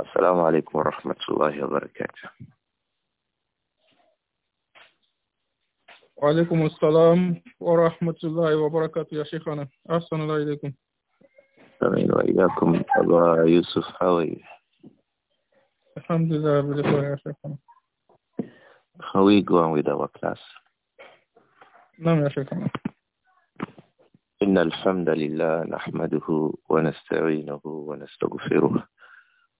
السلام عليكم ورحمة الله وبركاته وعليكم السلام ورحمة الله وبركاته يا شيخنا أحسن الله إليكم أمين وإياكم أبا يوسف خوي الحمد لله بالخير يا شيخنا خوي قوان ويدا وكلاس نعم يا شيخنا إن الحمد لله نحمده ونستعينه ونستغفره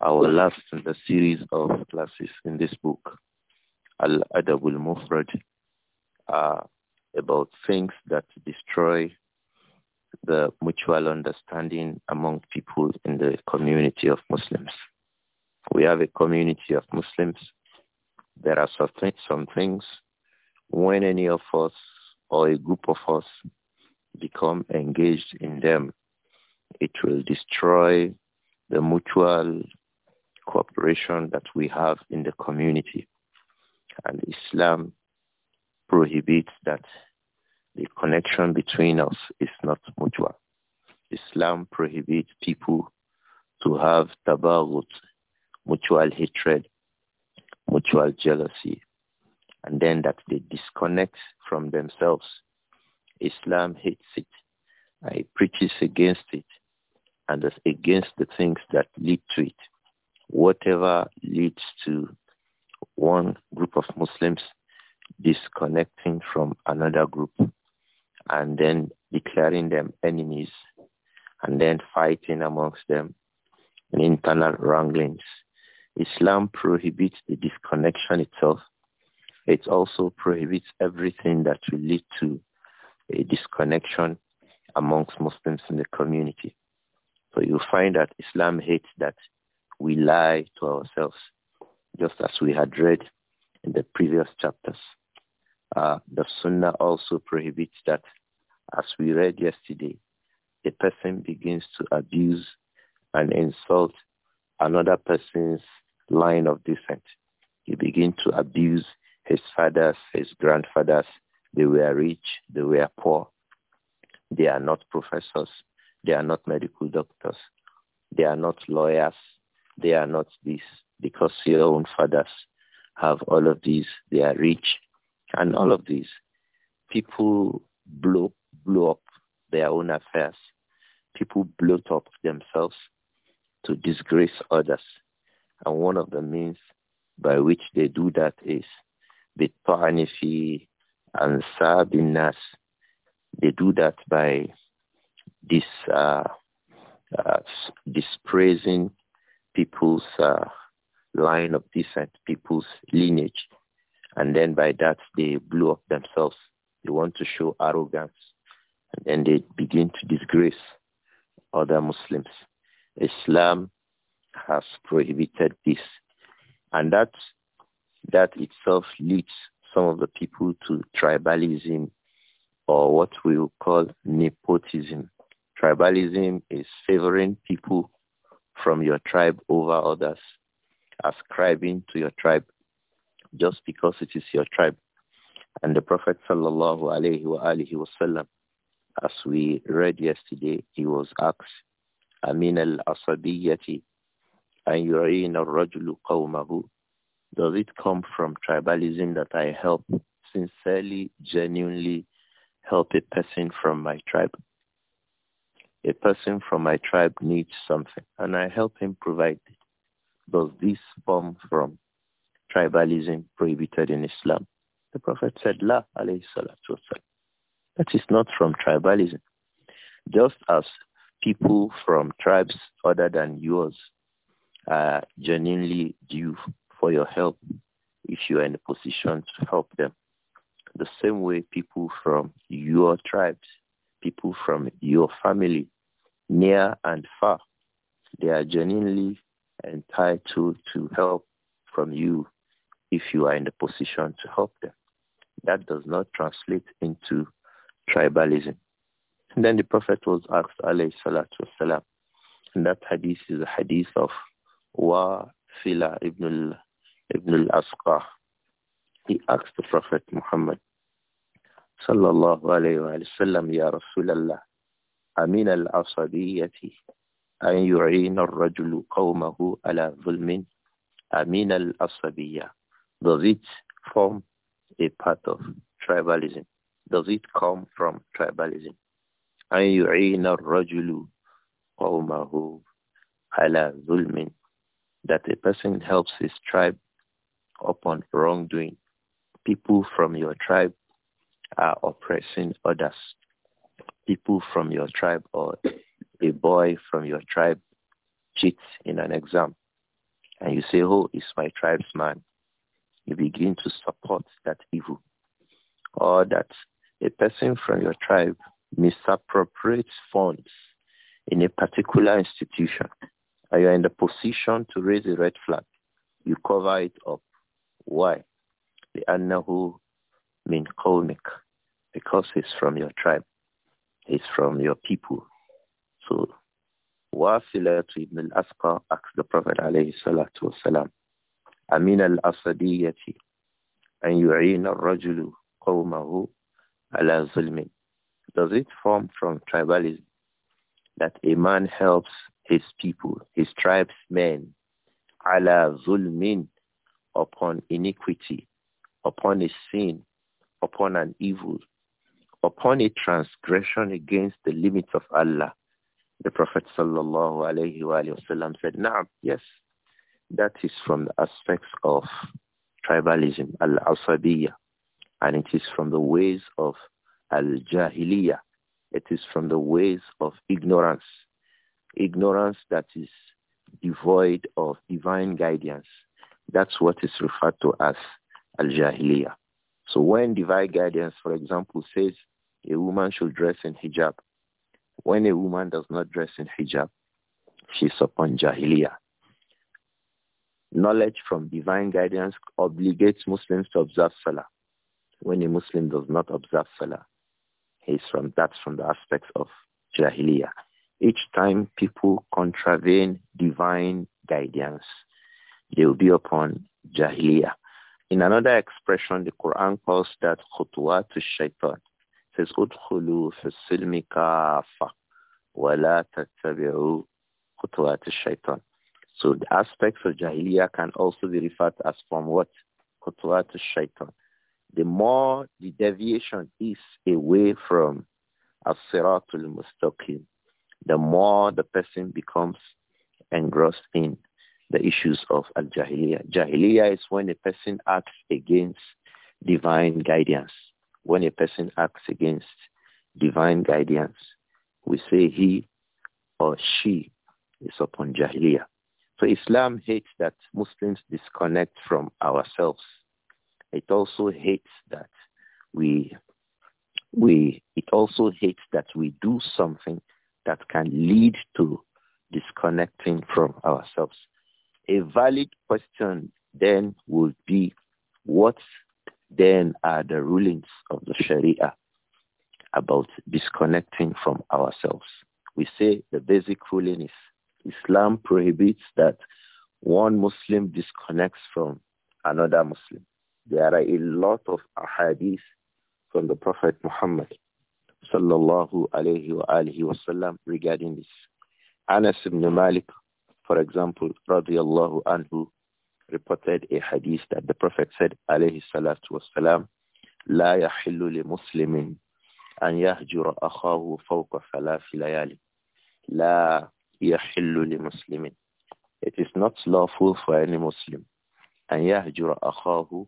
our last in the series of classes in this book, Al-Adab mufrad uh, about things that destroy the mutual understanding among people in the community of Muslims. We have a community of Muslims. There are some things when any of us or a group of us become engaged in them, it will destroy the mutual cooperation that we have in the community. And Islam prohibits that the connection between us is not mutual. Islam prohibits people to have tabaghut, mutual hatred, mutual jealousy, and then that they disconnect from themselves. Islam hates it. It preaches against it and against the things that lead to it whatever leads to one group of Muslims disconnecting from another group and then declaring them enemies and then fighting amongst them in internal wranglings. Islam prohibits the disconnection itself. It also prohibits everything that will lead to a disconnection amongst Muslims in the community. So you find that Islam hates that we lie to ourselves, just as we had read in the previous chapters. Uh, the Sunnah also prohibits that, as we read yesterday, a person begins to abuse and insult another person's line of descent. He begins to abuse his fathers, his grandfathers. They were rich, they were poor. They are not professors. They are not medical doctors. They are not lawyers. They are not this because your own fathers have all of these. They are rich and all of these. People blow, blow up their own affairs. People bloat up themselves to disgrace others. And one of the means by which they do that is bitanifi and sabinas. They do that by this uh, uh, dispraising people's uh, line of descent, people's lineage. And then by that, they blew up themselves. They want to show arrogance. And then they begin to disgrace other Muslims. Islam has prohibited this. And that, that itself leads some of the people to tribalism or what we will call nepotism. Tribalism is favoring people from your tribe over others, ascribing to your tribe just because it is your tribe. And the Prophet sallallahu wasallam, as we read yesterday, he was asked, "Amin al-asabiyyati an yu'in al-rajulu qawmahu?" Does it come from tribalism that I help sincerely, genuinely help a person from my tribe? a person from my tribe needs something and I help him provide it. Does this form from tribalism prohibited in Islam? The Prophet said, La alayhi salatu wasalam. That is not from tribalism. Just as people from tribes other than yours are genuinely due for your help if you are in a position to help them. The same way people from your tribes people from your family, near and far. They are genuinely entitled to help from you if you are in the position to help them. That does not translate into tribalism. And then the Prophet was asked, alayhi salatu wasalam, and that hadith is a hadith of Wa Fila ibn al-Asqa. He asked the Prophet Muhammad, صلى الله عليه وآله وسلم يا رسول الله أمين العصبية أن يعين الرجل قومه على ظلم أمين العصبية Does it form a part of tribalism? Does it come from tribalism? أن يعين الرجل قومه على ظلم That a person helps his tribe upon wrongdoing. People from your tribe are oppressing others, people from your tribe or a boy from your tribe cheats in an exam and you say, oh, it's my tribesman, you begin to support that evil. Or that a person from your tribe misappropriates funds in a particular institution Are you in the position to raise a red flag, you cover it up. Why? annahu min قومك because he's from your tribe. He's from your people. So Wafila to Ibn al-Asqa asked the Prophet alayhi salatu wasalam, Amin al-Asadiyyati, an yu'ina al-rajulu qawmahu ala zulmin. Does it form from tribalism that a man helps his people, his tribe's men, ala zulmin, upon iniquity, upon a sin, upon an evil, upon a transgression against the limits of Allah. The Prophet sallallahu alayhi wa sallam said, Na'am, yes, that is from the aspects of tribalism, al-asabiyya, and it is from the ways of al-jahiliyyah. It is from the ways of ignorance, ignorance that is devoid of divine guidance. That's what is referred to as al jahiliya so when divine guidance, for example, says a woman should dress in hijab, when a woman does not dress in hijab, she's upon jahiliyyah. Knowledge from divine guidance obligates Muslims to observe salah. When a Muslim does not observe salah, he's from that from the aspects of jahiliyyah. Each time people contravene divine guidance, they will be upon jahiliyyah. In another expression, the Quran calls that khutuwa to shaitan. It says, Udkhulu fi silmi kafa wa shaitan. So the aspects of jahiliyyah can also be referred as from what? Khutuwa to shaitan. The more the deviation is away from as-siratul mustaqim, the more the person becomes engrossed in the issues of al-jahiliyyah. Jahiliyyah is when a person acts against divine guidance. When a person acts against divine guidance, we say he or she is upon jahiliyyah. So Islam hates that Muslims disconnect from ourselves. It also hates that we we it also hates that we do something that can lead to disconnecting from ourselves a valid question then would be what then are the rulings of the Sharia about disconnecting from ourselves? We say the basic ruling is Islam prohibits that one Muslim disconnects from another Muslim. There are a lot of ahadith from the Prophet Muhammad sallallahu alayhi wa regarding this. Anas ibn Malik for example, radiallahu anhu reported a hadith that the Prophet said, alayhi salatu wasalam, لا يحل لمسلم أن يهجر أخاه فوق ثلاث ليالي. لا يحل لمسلم. It is not lawful for any Muslim أن يهجر أخاه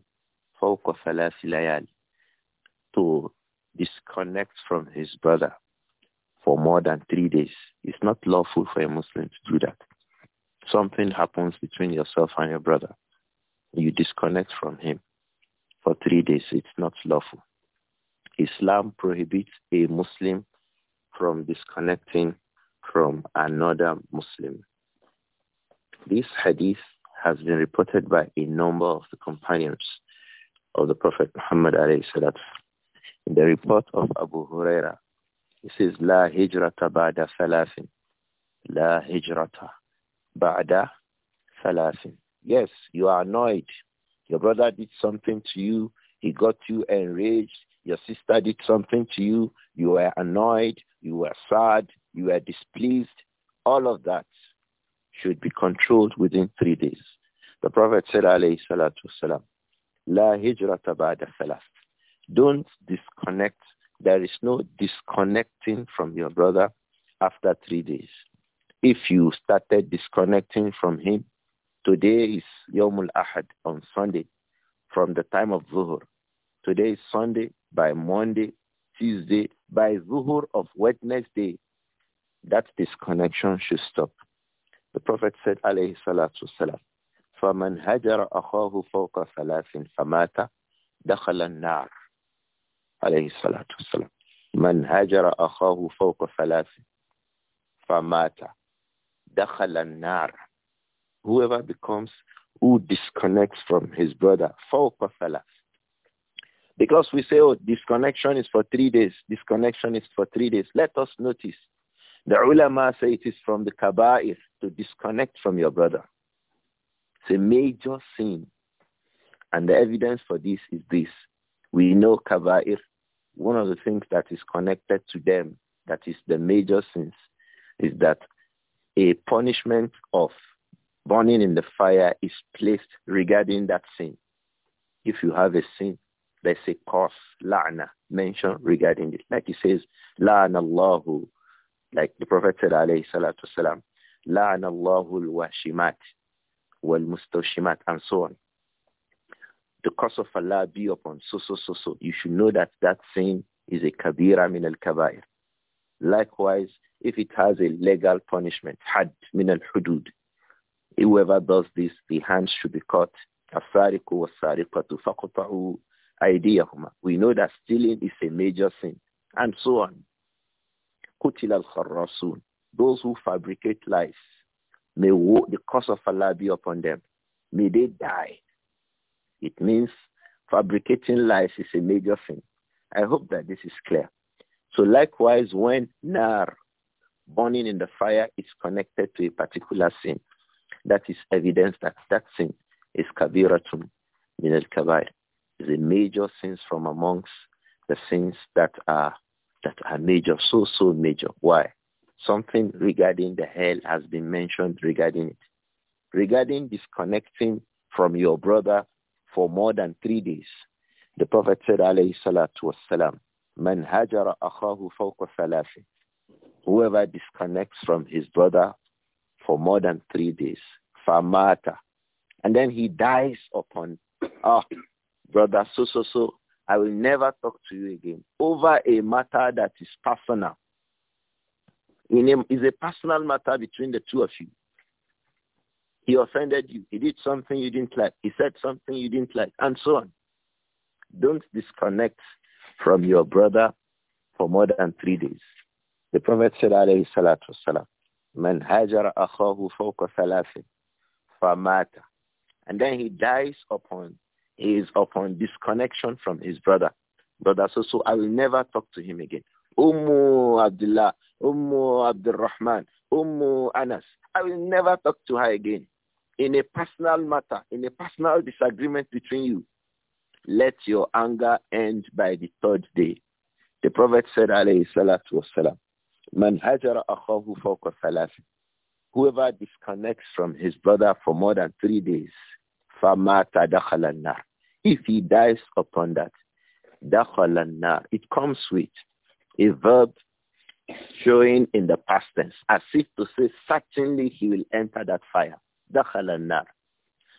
فوق ثلاث ليالي to disconnect from his brother for more than three days. It's not lawful for a Muslim to do that something happens between yourself and your brother, you disconnect from him for three days. It's not lawful. Islam prohibits a Muslim from disconnecting from another Muslim. This hadith has been reported by a number of the companions of the Prophet Muhammad salat. In the report of Abu Huraira, he says, La hijrata ba'da salasin. La hijrata Ba'da Salasin. Yes, you are annoyed. Your brother did something to you. He got you enraged. Your sister did something to you. You were annoyed. You were sad. You were displeased. All of that should be controlled within three days. The Prophet said, alayhi salatu wasalam, La hijrata ba'da salas. Don't disconnect. There is no disconnecting from your brother after three days. If you started disconnecting from him, today is Yomul Ahad on Sunday from the time of Zuhur. Today is Sunday, by Monday, Tuesday, by Zuhur of Wednesday, that disconnection should stop. The Prophet said, alayhi salatu salam, فَمَنْ هَجَرَ أَخَاهُ فَوْقَ ثَلَاثٍ فَمَاتَ دَخَلَ النَّارِ alayhi salatu salam. مَنْ هَجَرَ أَخَاهُ فَوْقَ ثَلَاثٍ فَمَاتَ dakhala nar. Whoever becomes, who disconnects from his brother, fawqa Because we say, oh, disconnection is for three days, disconnection is for three days. Let us notice. The ulama say it is from the kaba'ir to disconnect from your brother. It's a major sin. And the evidence for this is this. We know kaba'ir, one of the things that is connected to them, that is the major sins, is that a punishment of burning in the fire is placed regarding that sin. If you have a sin, there's a curse, la'na, mentioned regarding it. Like he says, la'na Allahu, like the Prophet said, alayhi salatu salam, la'na Allahu al-washimat, wal-mustawshimat, and so on. The curse of Allah be upon so, so, so, so. You should know that that sin is a kabira min al-kabair. Likewise, if it has a legal punishment, had min al-hudud. Whoever does this, the hands should be cut. Asariku wasariqatu faqta'u aydiyahuma. We know that stealing is a major sin. And so on. Qutil al-kharrasun. Those who fabricate lies. May the curse of Allah be upon them. May they die. It means fabricating lies is a major sin. I hope that this is clear. So likewise, when nar, burning in the fire is connected to a particular sin. That is evidence that that sin is kabiratum min al-kabair. Is a major sins from amongst the sins that are that are major, so so major. Why? Something regarding the hell has been mentioned regarding it. Regarding disconnecting from your brother for more than three days, the Prophet said, alayhi salatu wassalam, man hajara akhahu fawqa thalathin. Whoever disconnects from his brother for more than three days, famata, and then he dies upon, ah, oh, brother, so, so, so, I will never talk to you again over a matter that is personal. In a, a personal matter between the two of you. He offended you. He did something you didn't like. He said something you didn't like, and so on. Don't disconnect from your brother for more than three days. The Prophet said, alayhi salatu wasalam, Man hajara akhahu fawqa thalathin, famata. And then he dies upon, he is upon disconnection from his brother. Brother, so, so I will never talk to him again. Ummu Abdullah, Ummu Abdurrahman, Ummu Anas. I will never talk to her again. In a personal matter, in a personal disagreement between you, let your anger end by the third day. The Prophet said, alayhi salatu wasalam, Man hajara akhahu fawqa thalath. Whoever disconnects from his brother for more than three days, famata dakhala nar. If he dies upon that, dakhala nar. It comes with a verb showing in the past tense, as if to say, certainly he will enter that fire. Dakhala nar.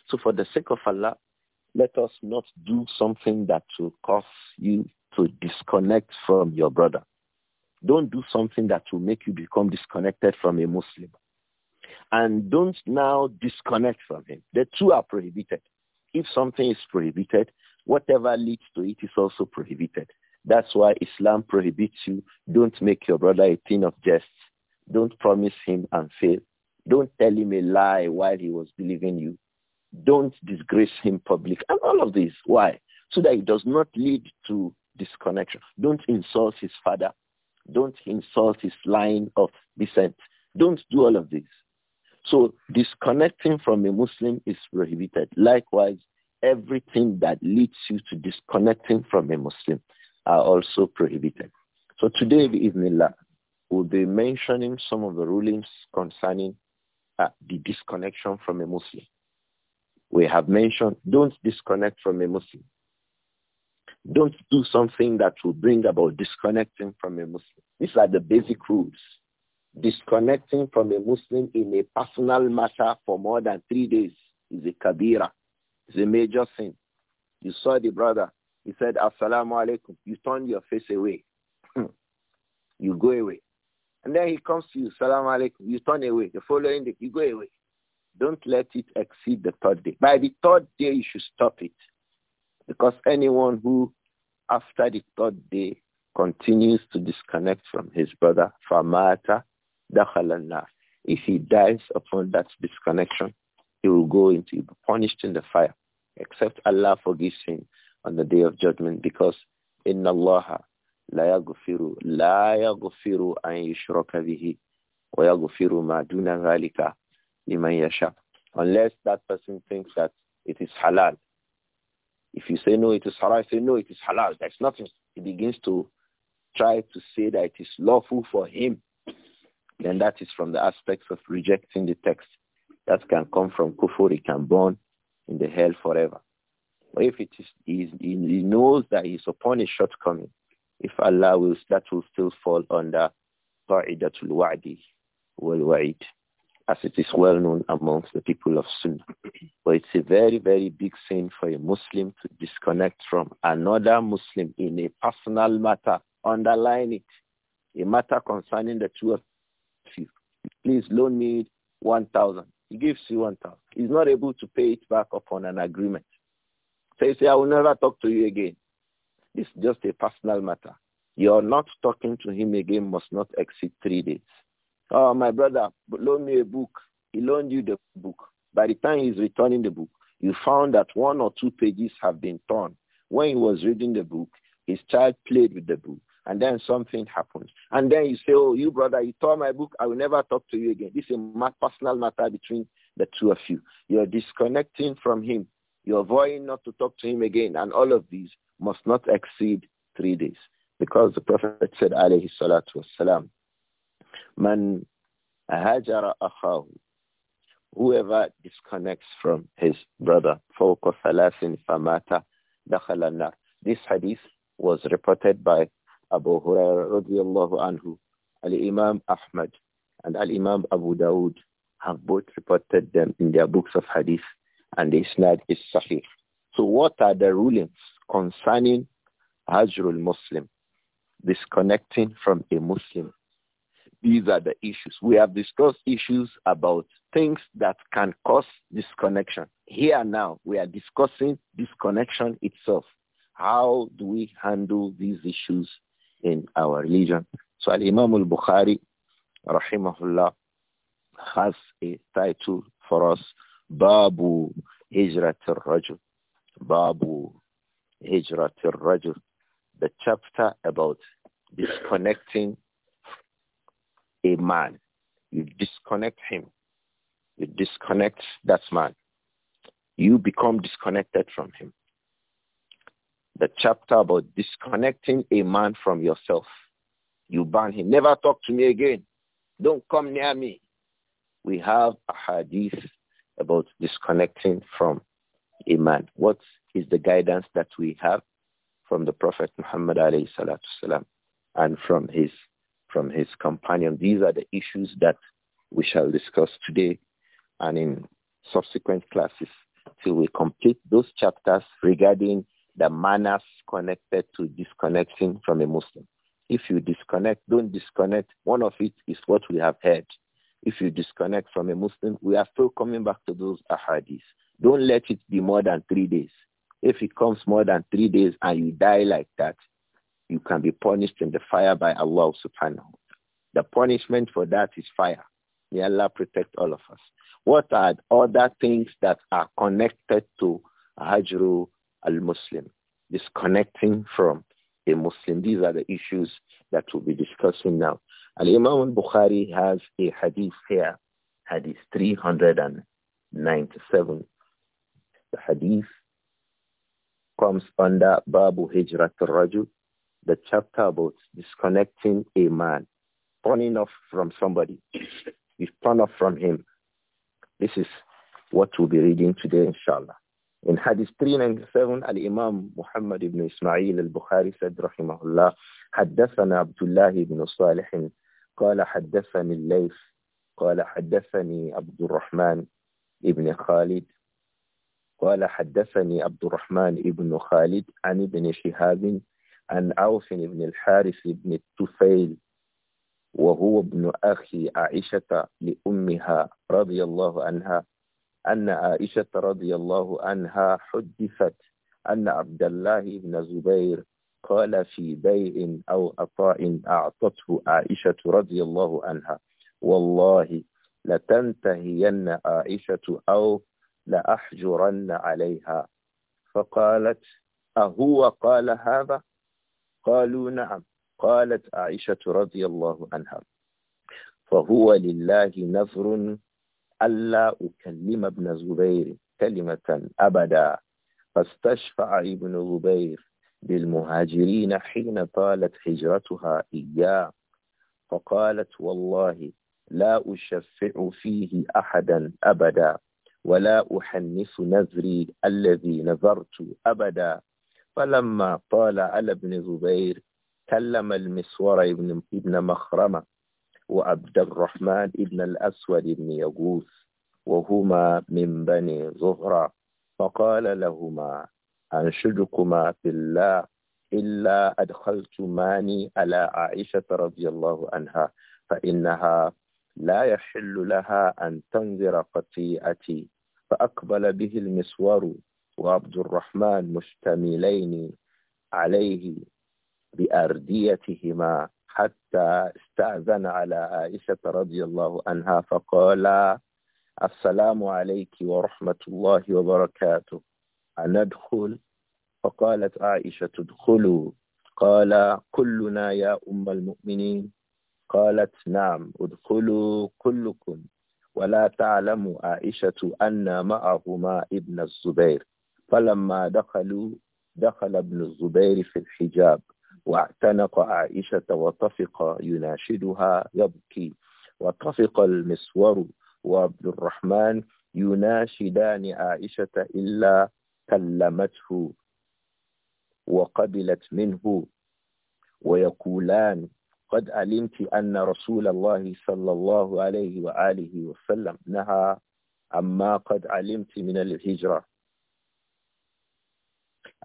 So for the sake of Allah, let us not do something that will cause you to disconnect from your brother. Don't do something that will make you become disconnected from a Muslim. And don't now disconnect from him. The two are prohibited. If something is prohibited, whatever leads to it is also prohibited. That's why Islam prohibits you. Don't make your brother a thing of jest. Don't promise him and fail. Don't tell him a lie while he was believing you. Don't disgrace him public. And all of this. Why? So that it does not lead to disconnection. Don't insult his father. Don't insult his line of descent. Don't do all of this. So disconnecting from a Muslim is prohibited. Likewise, everything that leads you to disconnecting from a Muslim are also prohibited. So today, Bismillah, we'll be mentioning some of the rulings concerning uh, the disconnection from a Muslim. We have mentioned don't disconnect from a Muslim. Don't do something that will bring about disconnecting from a Muslim. These are the basic rules. Disconnecting from a Muslim in a personal matter for more than three days is a kabira. It's a major sin. You saw the brother. He said, Assalamu alaikum. You turn your face away. you go away. And then he comes to you, Salam alaikum. You turn away. The following day, you go away. Don't let it exceed the third day. By the third day, you should stop it. Because anyone who, after the third day, continues to disconnect from his brother, famata dakhalanna. If he dies upon that disconnection, he will go into be punished in the fire. Except Allah forgives him on the day of judgment because inna Allah la yaghfiru la yaghfiru an yushraka bihi wa yaghfiru ma duna dhalika liman yasha. Unless that person thinks that it is halal if you say, no, it is halal. I say, no, it is halal. That's nothing. He begins to try to say that it is lawful for him. Then that is from the aspects of rejecting the text. That can come from kufur. He can burn in the hell forever. But if it is, he, he knows that he's upon a shortcoming, if Allah wills, that will still fall under qa'idatul wa'di wal wa'id as it is well known amongst the people of Sunnah. But it's a very, very big sin for a Muslim to disconnect from another Muslim in a personal matter. Underline it. A matter concerning the two of you. Please loan me 1,000. He gives you 1,000. He's not able to pay it back upon an agreement. So you say, I will never talk to you again. It's just a personal matter. You're not talking to him again must not exceed three days. Oh, my brother, loan me a book. He loaned you the book. By the time he's returning the book, you found that one or two pages have been torn. When he was reading the book, his child played with the book and then something happens. And then you say, oh, you brother, you tore my book. I will never talk to you again. This is a personal matter between the two of you. You're disconnecting from him. You're avoiding not to talk to him again. And all of these must not exceed three days. Because the Prophet said, alayhi salatu wasalam, Man hajara akhahu. Whoever disconnects from his brother, fawqa thalathin famata dakhala nar. This hadith was reported by Abu Hurairah radiyallahu anhu, Al-Imam Ahmad and Al-Imam Abu Dawood have both reported them in their books of hadith and the isnad is sahih. So what are the rulings concerning Hajrul Muslim, disconnecting from a Muslim? These are the issues. We have discussed issues about things that can cause disconnection. Here now, we are discussing disconnection itself. How do we handle these issues in our religion? So imam al-Bukhari, rahimahullah, has a title for us, Babu Hijrat al-Rajul. Babu Hijrat al-Rajul. The chapter about disconnecting a man. You disconnect him. You disconnect that man. You become disconnected from him. The chapter about disconnecting a man from yourself. You ban him. Never talk to me again. Don't come near me. We have a hadith about disconnecting from a man. What is the guidance that we have from the Prophet Muhammad alayhi salatu salam and from his from his companion. These are the issues that we shall discuss today and in subsequent classes till we complete those chapters regarding the manners connected to disconnecting from a Muslim. If you disconnect, don't disconnect. One of it is what we have heard. If you disconnect from a Muslim, we are still coming back to those ahadis. Don't let it be more than three days. If it comes more than three days and you die like that, you can be punished in the fire by Allah subhanahu wa ta'ala. The punishment for that is fire. May Allah protect all of us. What are other things that are connected to Hajru al-Muslim? Disconnecting from a Muslim. These are the issues that we'll be discussing now. Al-Imam al-Bukhari has a hadith here, hadith 397. The hadith comes under Babu Hijrat al-Rajul the chapter about disconnecting a man, turning off from somebody. You turn off from him. This is what we'll be reading today, inshallah. In Hadith 397, Al-Imam Muhammad ibn Ismail al-Bukhari said, rahimahullah, حدثنا عبد الله بن صالح قال حدثني الليث قال حدثني عبد الرحمن ابن خالد قال حدثني عبد الرحمن ابن خالد عن ابن شهاب عن عوف بن الحارث بن الطفيل وهو ابن أخي عائشة لأمها رضي الله عنها أن عائشة رضي الله عنها حدثت أن عبد الله بن زبير قال في بيع أو عطاء أعطته عائشة رضي الله عنها والله لتنتهين عائشة أو لأحجرن عليها فقالت أهو قال هذا قالوا نعم قالت عائشة رضي الله عنها فهو لله نذر ألا أكلم ابن زبير كلمة أبدا فاستشفع ابن زبير بالمهاجرين حين طالت هجرتها إياه فقالت والله لا أشفع فيه أحدا أبدا ولا أحنث نذري الذي نذرت أبدا فلما طال على ابن زبير كلم المسور ابن, ابن مخرمة وعبد الرحمن ابن الأسود ابن يغوث وهما من بني زهرة فقال لهما أنشدكما في الله إلا أدخلتماني على عائشة رضي الله عنها فإنها لا يحل لها أن تنذر قطيئتي فأقبل به المسور وعبد الرحمن مشتملين عليه بأرديتهما حتى استأذن على عائشة رضي الله عنها فقال السلام عليك ورحمة الله وبركاته أندخل فقالت عائشة ادخلوا قال كلنا يا أم المؤمنين قالت نعم ادخلوا كلكم ولا تعلم عائشة أن معهما ابن الزبير فلما دخلوا دخل ابن الزبير في الحجاب واعتنق عائشة وطفق يناشدها يبكي وطفق المسور وعبد الرحمن يناشدان عائشة إلا كلمته وقبلت منه ويقولان قد علمت أن رسول الله صلى الله عليه وآله وسلم نهى عما قد علمت من الهجرة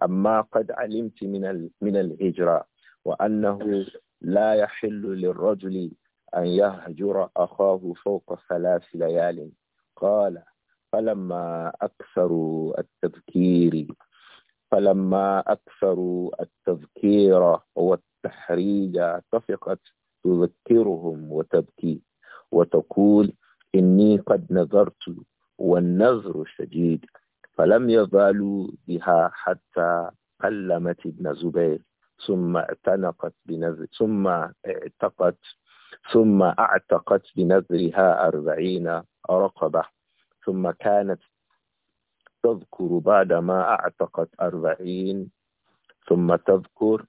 أما قد علمت من من الهجرة وأنه لا يحل للرجل أن يهجر أخاه فوق ثلاث ليال قال فلما أكثروا التذكير فلما أكثروا التذكير والتحريج اتفقت تذكرهم وتبكي وتقول إني قد نذرت والنذر شديد فلم يزالوا بها حتى قلمت ابن زبير ثم اعتنقت بنذر ثم اعتقت ثم اعتقت بنذرها أربعين رقبة ثم كانت تذكر بعد ما أعتقت أربعين ثم تذكر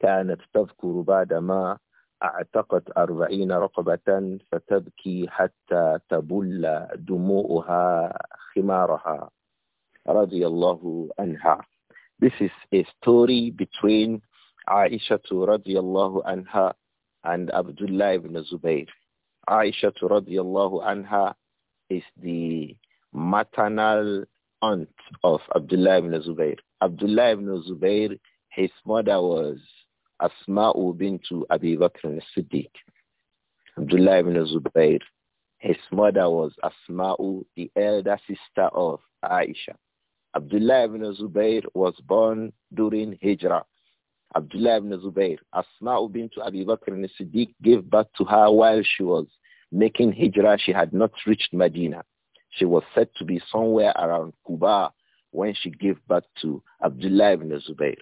كانت تذكر بعد ما أعتقت أربعين رقبة فتبكي حتى تبل دموعها خمارها radiallahu anha. This is a story between Aisha radiallahu anha and Abdullah ibn Zubayr. Aisha radiallahu anha is the maternal aunt of Abdullah ibn Zubayr. Abdullah ibn Zubayr, his mother was Asma'u bintu Abi Bakr siddiq Abdullah ibn Zubayr, his mother was Asma'u, the elder sister of Aisha. Abdullah ibn Zubayr was born during Hijrah. Abdullah ibn Zubayr, Asma bint Abi Bakr and Siddiq gave birth to her while she was making Hijrah. She had not reached Medina. She was said to be somewhere around Kuba when she gave birth to Abdullah ibn Zubayr.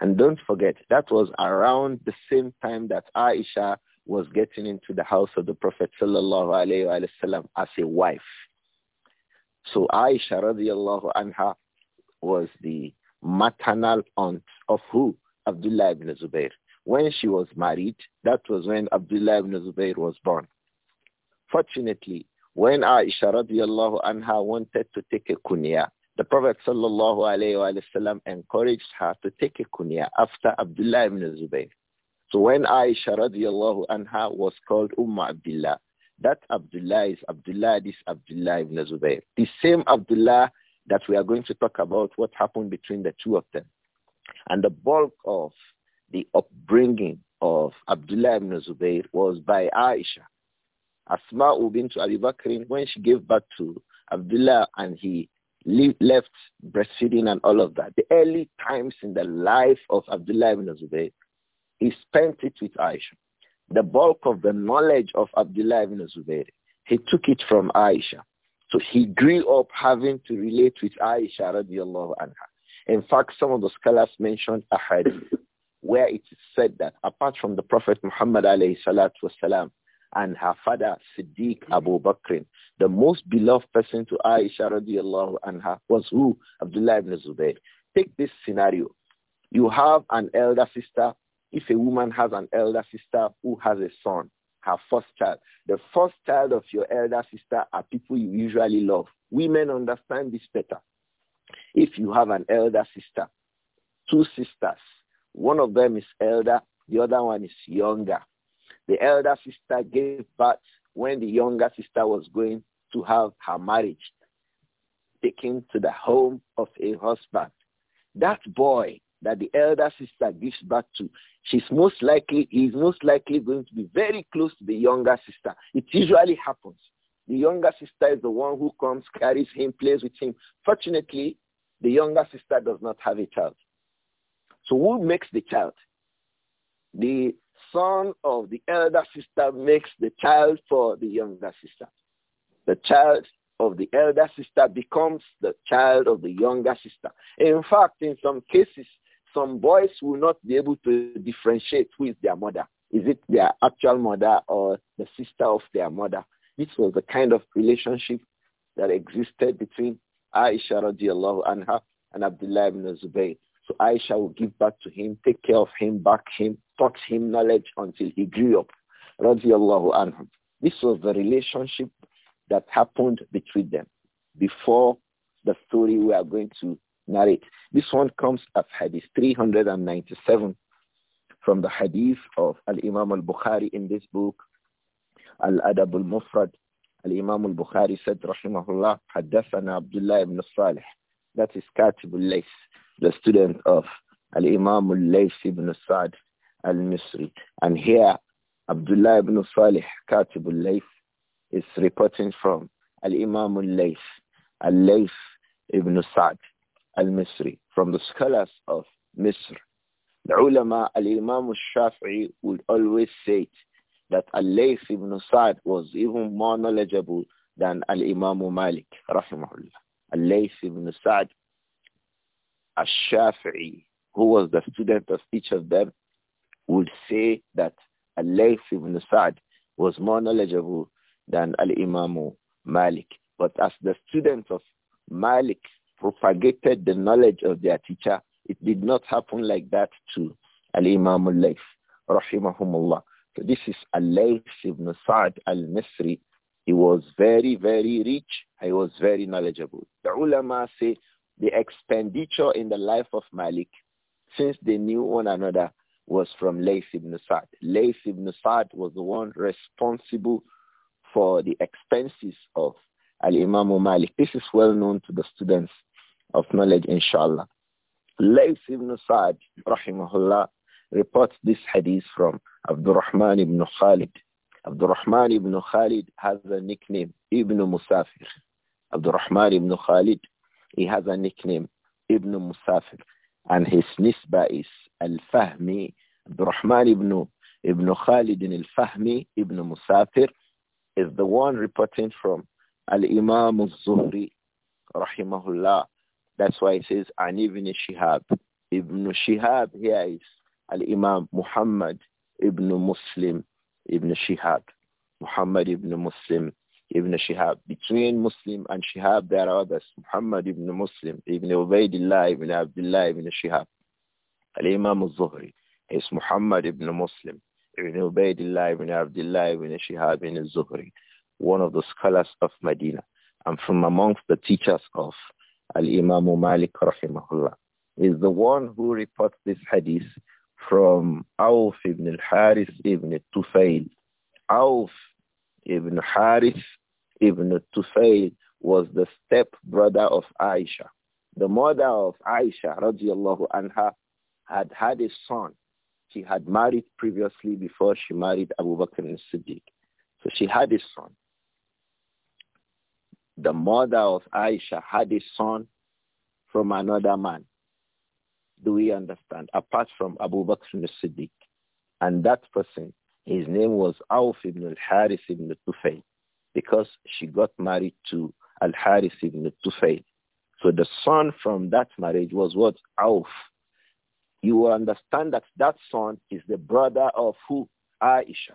And don't forget, that was around the same time that Aisha was getting into the house of the Prophet sallallahu alayhi wa as a wife. So Aisha radiallahu anha was the maternal aunt of who? Abdullah ibn Zubair. When she was married, that was when Abdullah ibn Zubair was born. Fortunately, when Aisha radiallahu anha wanted to take a kunya, the Prophet sallallahu alayhi wasallam encouraged her to take a kunya after Abdullah ibn Zubayr. So when Aisha radiallahu anha was called Umm Abdullah, that Abdullah is Abdullah, this Abdullah ibn The same Abdullah that we are going to talk about what happened between the two of them. And the bulk of the upbringing of Abdullah ibn Zubayr was by Aisha. Asma bint Abi Bakr, when she gave birth to Abdullah and he left breastfeeding and all of that, the early times in the life of Abdullah ibn Zubayr, he spent it with Aisha. The bulk of the knowledge of Abdullah ibn Zubayr, he took it from Aisha. So he grew up having to relate with Aisha radiallahu anha. In fact, some of the scholars mentioned a hadith where it is said that apart from the Prophet Muhammad alayhi salatu wasalam and her father Siddiq Abu Bakr, the most beloved person to Aisha radiallahu anha was who? Abdullah ibn Zubayr. Take this scenario. You have an elder sister. If a woman has an elder sister who has a son, her first child. The first child of your elder sister are people you usually love. Women understand this better. If you have an elder sister, two sisters, one of them is elder, the other one is younger. The elder sister gave birth when the younger sister was going to have her marriage taken to the home of a husband. That boy that the elder sister gives birth to, she's most likely, is most likely going to be very close to the younger sister. It usually happens. The younger sister is the one who comes, carries him, plays with him. Fortunately, the younger sister does not have a child. So who makes the child? The son of the elder sister makes the child for the younger sister. The child of the elder sister becomes the child of the younger sister. In fact, in some cases, some boys will not be able to differentiate who is their mother. Is it their actual mother or the sister of their mother? This was the kind of relationship that existed between Aisha radiallahu anha and Abdullah ibn Zubayr. So Aisha would give back to him, take care of him, back him, taught him knowledge until he grew up. Radiallahu anha. This was the relationship that happened between them before the story we are going to narrate. This one comes as hadith 397 from the hadith of Al-Imam al-Bukhari in this book, Al-Adab al-Mufrad. Al-Imam al-Bukhari said, Rahimahullah, Haddathana Abdullah ibn Salih. That is Katib al the student of Al-Imam al-Lays ibn Sa'd al-Misri. And here, Abdullah ibn Salih, Katib al Layth is reporting from Al-Imam al Layth al-Lays ibn Sa'd al-Misri, from the scholars of Misr. The ulama, al-Imam al-Shafi'i would always say that al-Layth ibn Sa'd was even more knowledgeable than al-Imam Malik, rahimahullah. Al-Layth ibn Sa'd, al-Shafi'i, who was the student of each of them, would say that al-Layth ibn Sa'd was more knowledgeable than al-Imam Malik. But as the student of Malik propagated the knowledge of their teacher. It did not happen like that to Al-Imam al-Layth, rahimahumullah. So this is Al-Layth ibn Sa'd al-Misri. He was very, very rich. He was very knowledgeable. The ulama say the expenditure in the life of Malik, since they knew one another, was from Layth ibn Sa'd. Layth ibn Sa'd was the one responsible for the expenses of Al-Imam Malik. This is well known to the students of knowledge, inshallah. Layth ibn Sa'd, rahimahullah, reports this hadith from Abdurrahman ibn Khalid. Abdurrahman ibn Khalid has a nickname, Ibn Musafir. Abdurrahman ibn Khalid, he has a nickname, Ibn Musafir. And his nisba is Al-Fahmi, Abdurrahman ibn, ibn Khalid al-Fahmi, Ibn Musafir, is the one reporting from Al-Imam al-Zuhri, rahimahullah, that's why it says, and Ibn Shihab. Ibn Shihab here is Al-Imam Muhammad Ibn Muslim Ibn Shihab. Muhammad Ibn Muslim Ibn Shihab. Between Muslim and Shihab, there are others. Muhammad Ibn Muslim Ibn Ubaidillah Ibn Abdullah Ibn Shihab. Al-Imam al-Zuhri is Muhammad Ibn Muslim Ibn Ubaidillah Ibn Abdullah Ibn Shihab Ibn al-Zuhri, one of the scholars of Medina. I'm from amongst the teachers of Al-Imam Malik rahimahullah, is the one who reports this hadith from Auf ibn al-Haris ibn Tufail. Auf ibn Haris ibn Tufail was the stepbrother of Aisha. The mother of Aisha, radiallahu anha, had had a son. She had married previously before she married Abu Bakr as siddiq So she had a son the mother of Aisha had a son from another man. Do we understand? Apart from Abu Bakr al-Siddiq. And that person, his name was Auf ibn al-Haris ibn al-Tufayl because she got married to al-Haris ibn al-Tufayl. So the son from that marriage was what? Auf. You will understand that that son is the brother of who? Aisha.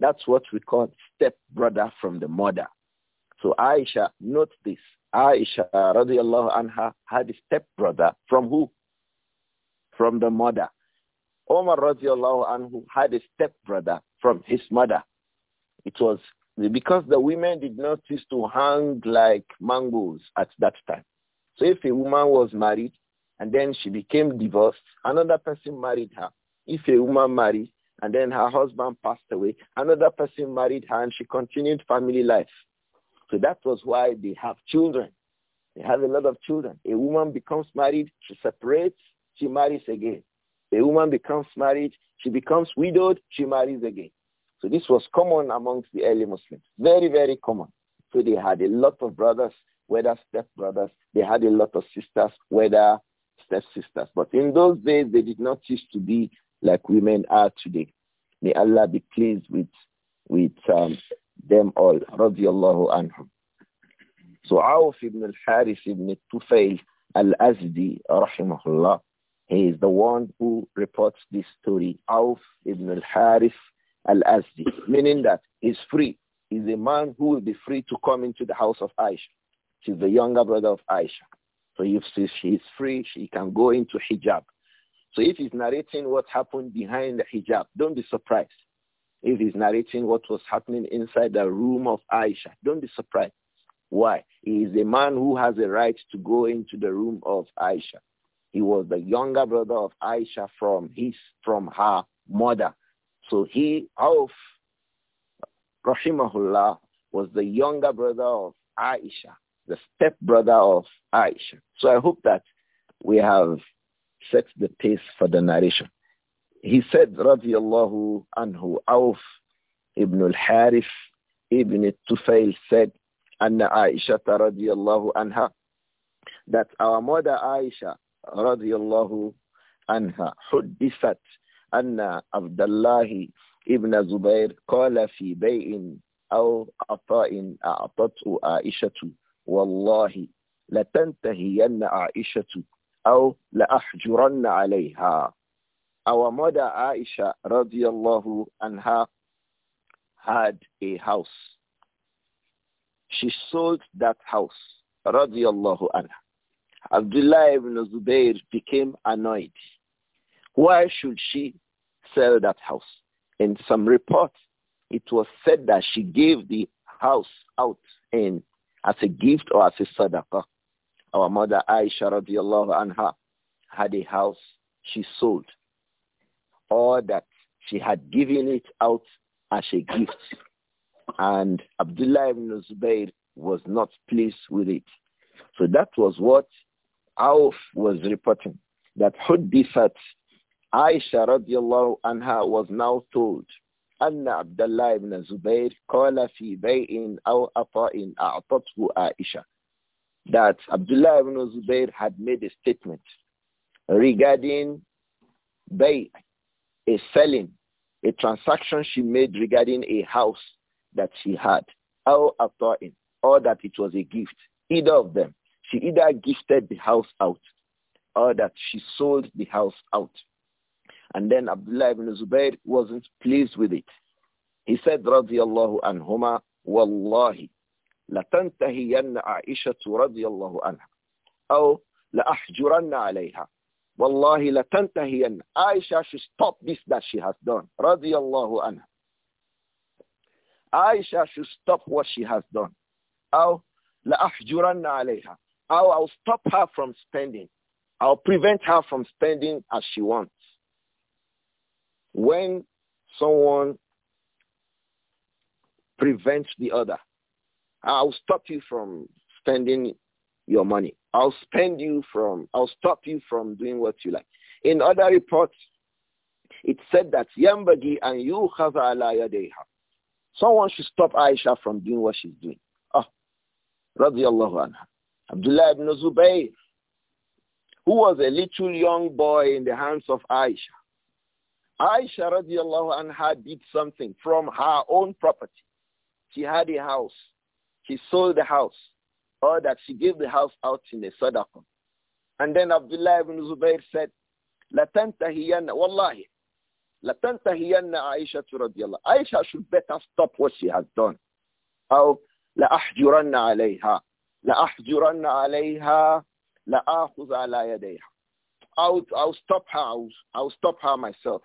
That's what we call step brother from the mother. So Aisha, note this. Aisha radiallahu anha had a stepbrother from who? From the mother. Omar radiallahu anhu had a stepbrother from his mother. It was because the women did not used to hang like mangoes at that time. So if a woman was married and then she became divorced, another person married her. If a woman married and then her husband passed away, another person married her and she continued family life. So that was why they have children. They have a lot of children. A woman becomes married, she separates, she marries again. A woman becomes married, she becomes widowed, she marries again. So this was common amongst the early Muslims. Very, very common. So they had a lot of brothers, whether stepbrothers. They had a lot of sisters, whether stepsisters. But in those days, they did not used to be like women are today. May Allah be pleased with, with um, them all, radiallahu anhum. So Auf ibn al-Haris ibn Tufail al-Azdi, rahimahullah, he is the one who reports this story, Auf ibn al-Haris al-Azdi, meaning that he's free. He's a man who will be free to come into the house of Aisha. She's the younger brother of Aisha. So if she's free, she can go into hijab. So if he's narrating what happened behind the hijab, don't be surprised. If he's narrating what was happening inside the room of Aisha, don't be surprised. Why? He is a man who has a right to go into the room of Aisha. He was the younger brother of Aisha from his from her mother. So he Auf Rahimahullah was the younger brother of Aisha, the stepbrother of Aisha. So I hope that we have set the pace for the narration. He said, رضي الله عنه ibn al-Harif ibn التفيل said, عائشة Aisha الله عنها that our mother Aisha رضي الله عنها حدثت أن عبد الله ابن زبير قال في بيع أو عطاء أعطته عائشة والله لتنتهين عائشة أو لأحجرن عليها Our mother Aisha radiallahu anha had a house. She sold that house radiallahu anha. Abdullah ibn Zubair became annoyed. Why should she sell that house? In some reports, it was said that she gave the house out in as a gift or as a sadaqah. Our mother Aisha radiallahu anha had a house she sold that she had given it out as a gift. And Abdullah ibn Zubayr was not pleased with it. So that was what Auf was reporting, that Huddifat, Aisha radiallahu anha was now told, أن Abdullah الله Zubayr زبير fi bayin بيع أو عطاء Aisha. that Abdullah ibn Zubayr had made a statement regarding bay a selling, a transaction she made regarding a house that she had, or a in, or that it was a gift. Either of them. She either gifted the house out or that she sold the house out. And then Abdullah ibn Zubayr wasn't pleased with it. He said, radiyallahu anhuma, wallahi, عائشة رضي الله عنها أو لأحجرن عليها Wallahi and Aisha should stop this that she has done. Radiallahu anha. Aisha should stop what she has done. Aw la'ahjuranna alayha. Aw I'll stop her from spending. I'll prevent her from spending as she wants. When someone prevents the other, I'll stop you from spending your money. I'll spend you from, I'll stop you from doing what you like. In other reports, it said that Yambagi and you have a Someone should stop Aisha from doing what she's doing. Ah, oh, radiallahu anha. Abdullah ibn Zubayr, who was a little young boy in the hands of Aisha. Aisha radiallahu anha did something from her own property. She had a house. She sold the house or that she gave the house out in a sadaqah. And then Abdullah ibn Zubayr said, لَتَنْتَهِيَنَّ وَاللَّهِ لَتَنْتَهِيَنَّ عَيْشَةُ رَضِيَ اللَّهِ Aisha should better stop what she has done. أو لأحجرن عليها لأحجرن عليها لآخذ على يديها I'll, I'll stop her. I'll, I'll stop her myself.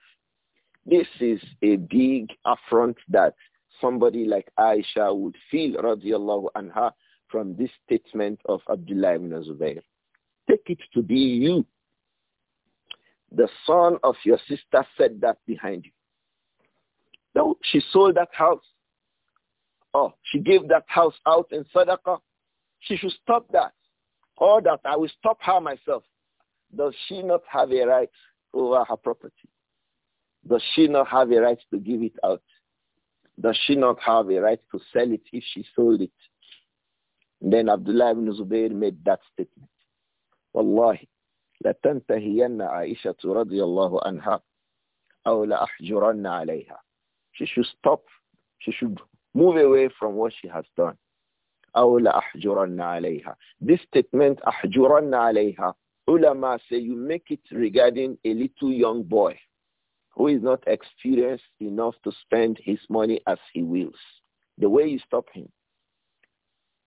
This is a big affront that somebody like Aisha would feel, radiallahu anha, from this statement of Abdullah ibn Zubayr. Take it to be you. The son of your sister said that behind you. No, she sold that house. Oh, she gave that house out in Sadaqah. She should stop that. Or that I will stop her myself. Does she not have a right over her property? Does she not have a right to give it out? Does she not have a right to sell it if she sold it? then Abdullah ibn Zubayr made that statement. Wallahi, لَتَنْتَهِيَنَّ عَائِشَةُ رَضِيَ اللَّهُ عَنْهَا أَوْ لَأَحْجُرَنَّ عَلَيْهَا She should stop. She should move away from what she has done. أَوْ لَأَحْجُرَنَّ عَلَيْهَا This statement, أَحْجُرَنَّ عَلَيْهَا Ulama say you make it regarding a little young boy who is not experienced enough to spend his money as he wills. The way you stop him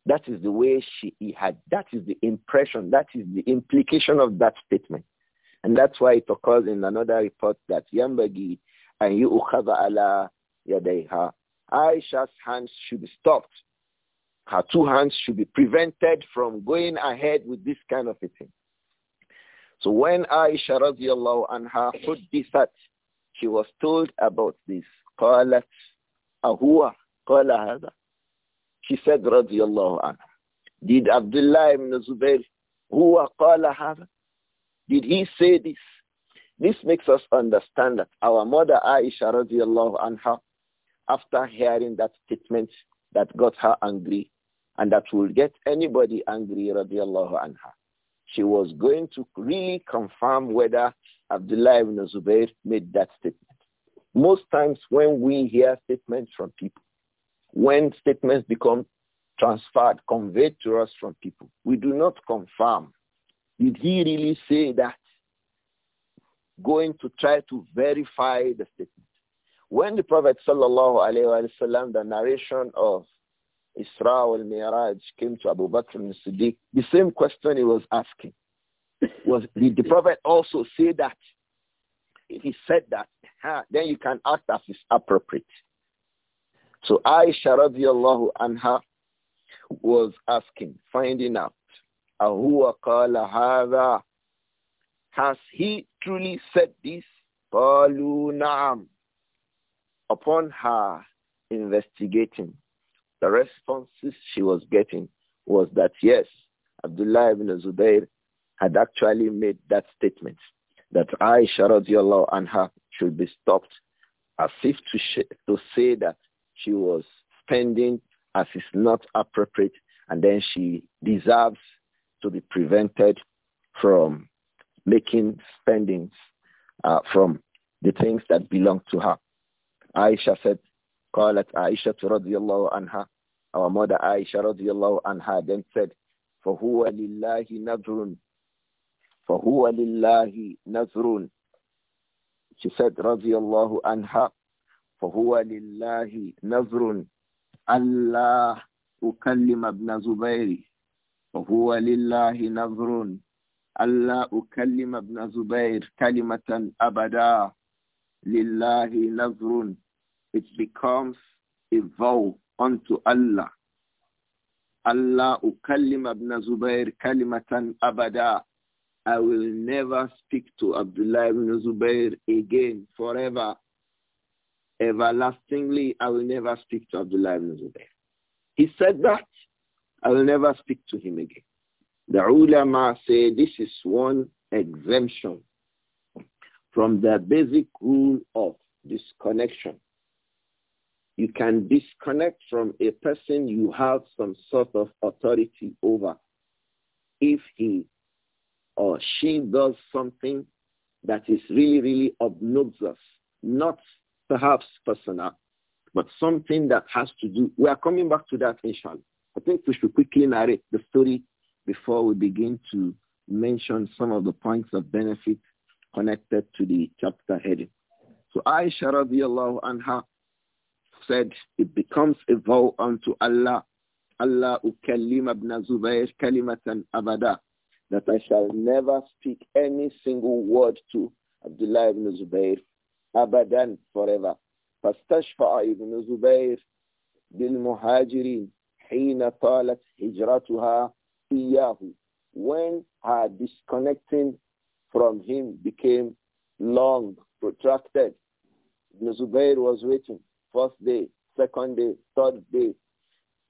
that is the way she had. That is the impression. That is the implication of that statement. And that's why it occurs in another report that Yambagi and you Yadeha Aisha's hands should be stopped. Her two hands should be prevented from going ahead with this kind of a thing. So when Aisha radiallahu anha huddithat, she was told about this. قالت أهو قال هذا he said, radiallahu anhu, did Abdullah ibn Zubair, who qala hada? Did he say this? This makes us understand that our mother Aisha radiallahu anha, after hearing that statement that got her angry and that will get anybody angry radiallahu anha, she was going to really confirm whether Abdullah ibn Zubair made that statement. Most times when we hear statements from people, when statements become transferred, conveyed to us from people. We do not confirm. Did he really say that? Going to try to verify the statement. When the Prophet wasallam, the narration of Isra al-Miraj came to Abu Bakr as Siddiq, the same question he was asking was, did the Prophet also say that? If he said that, then you can act as is appropriate. So Aisha radiallahu anha was asking, finding out, أَهُوَ قَالَ هَذَا Has he truly said this? قَالُوا naam Upon her investigating, the responses she was getting was that yes, Abdullah ibn Zubair had actually made that statement that Aisha radiallahu anha should be stopped as if to, to say that she was spending as is not appropriate, and then she deserves to be prevented from making spendings uh, from the things that belong to her. Aisha said, "Call قالت Aisha to الله anha, Our mother Aisha رضي الله عنها then said, "For فهو لله For فهو لله nazarun?" She said رضي anha." عنها فهو لله نذر ألا أكلم ابن زبير فهو لله نذر ألا أكلم ابن زبير كلمة أبدا لله نذر it becomes a vow unto Allah Allah ukallim ibn Zubair kalimatan abada I will never speak to Abdullah ibn Zubair again forever everlastingly, I will never speak to Abdullah ibn He said that, I will never speak to him again. The ulama say this is one exemption from the basic rule of disconnection. You can disconnect from a person you have some sort of authority over if he or she does something that is really, really obnoxious, not perhaps personal, but something that has to do. We are coming back to that, inshallah. I think we should quickly narrate the story before we begin to mention some of the points of benefit connected to the chapter heading. So Aisha radiallahu anha said, it becomes a vow unto Allah, Allah ukallim ibn Zubayr kalimatan abada, that I shall never speak any single word to Abdullah ibn Zubayr abadan forever. فاستشفع ابن زبير بالمهاجرين حين طالت هجرتها إياه when her disconnecting from him became long, protracted. Ibn Zubayr was waiting first day, second day, third day,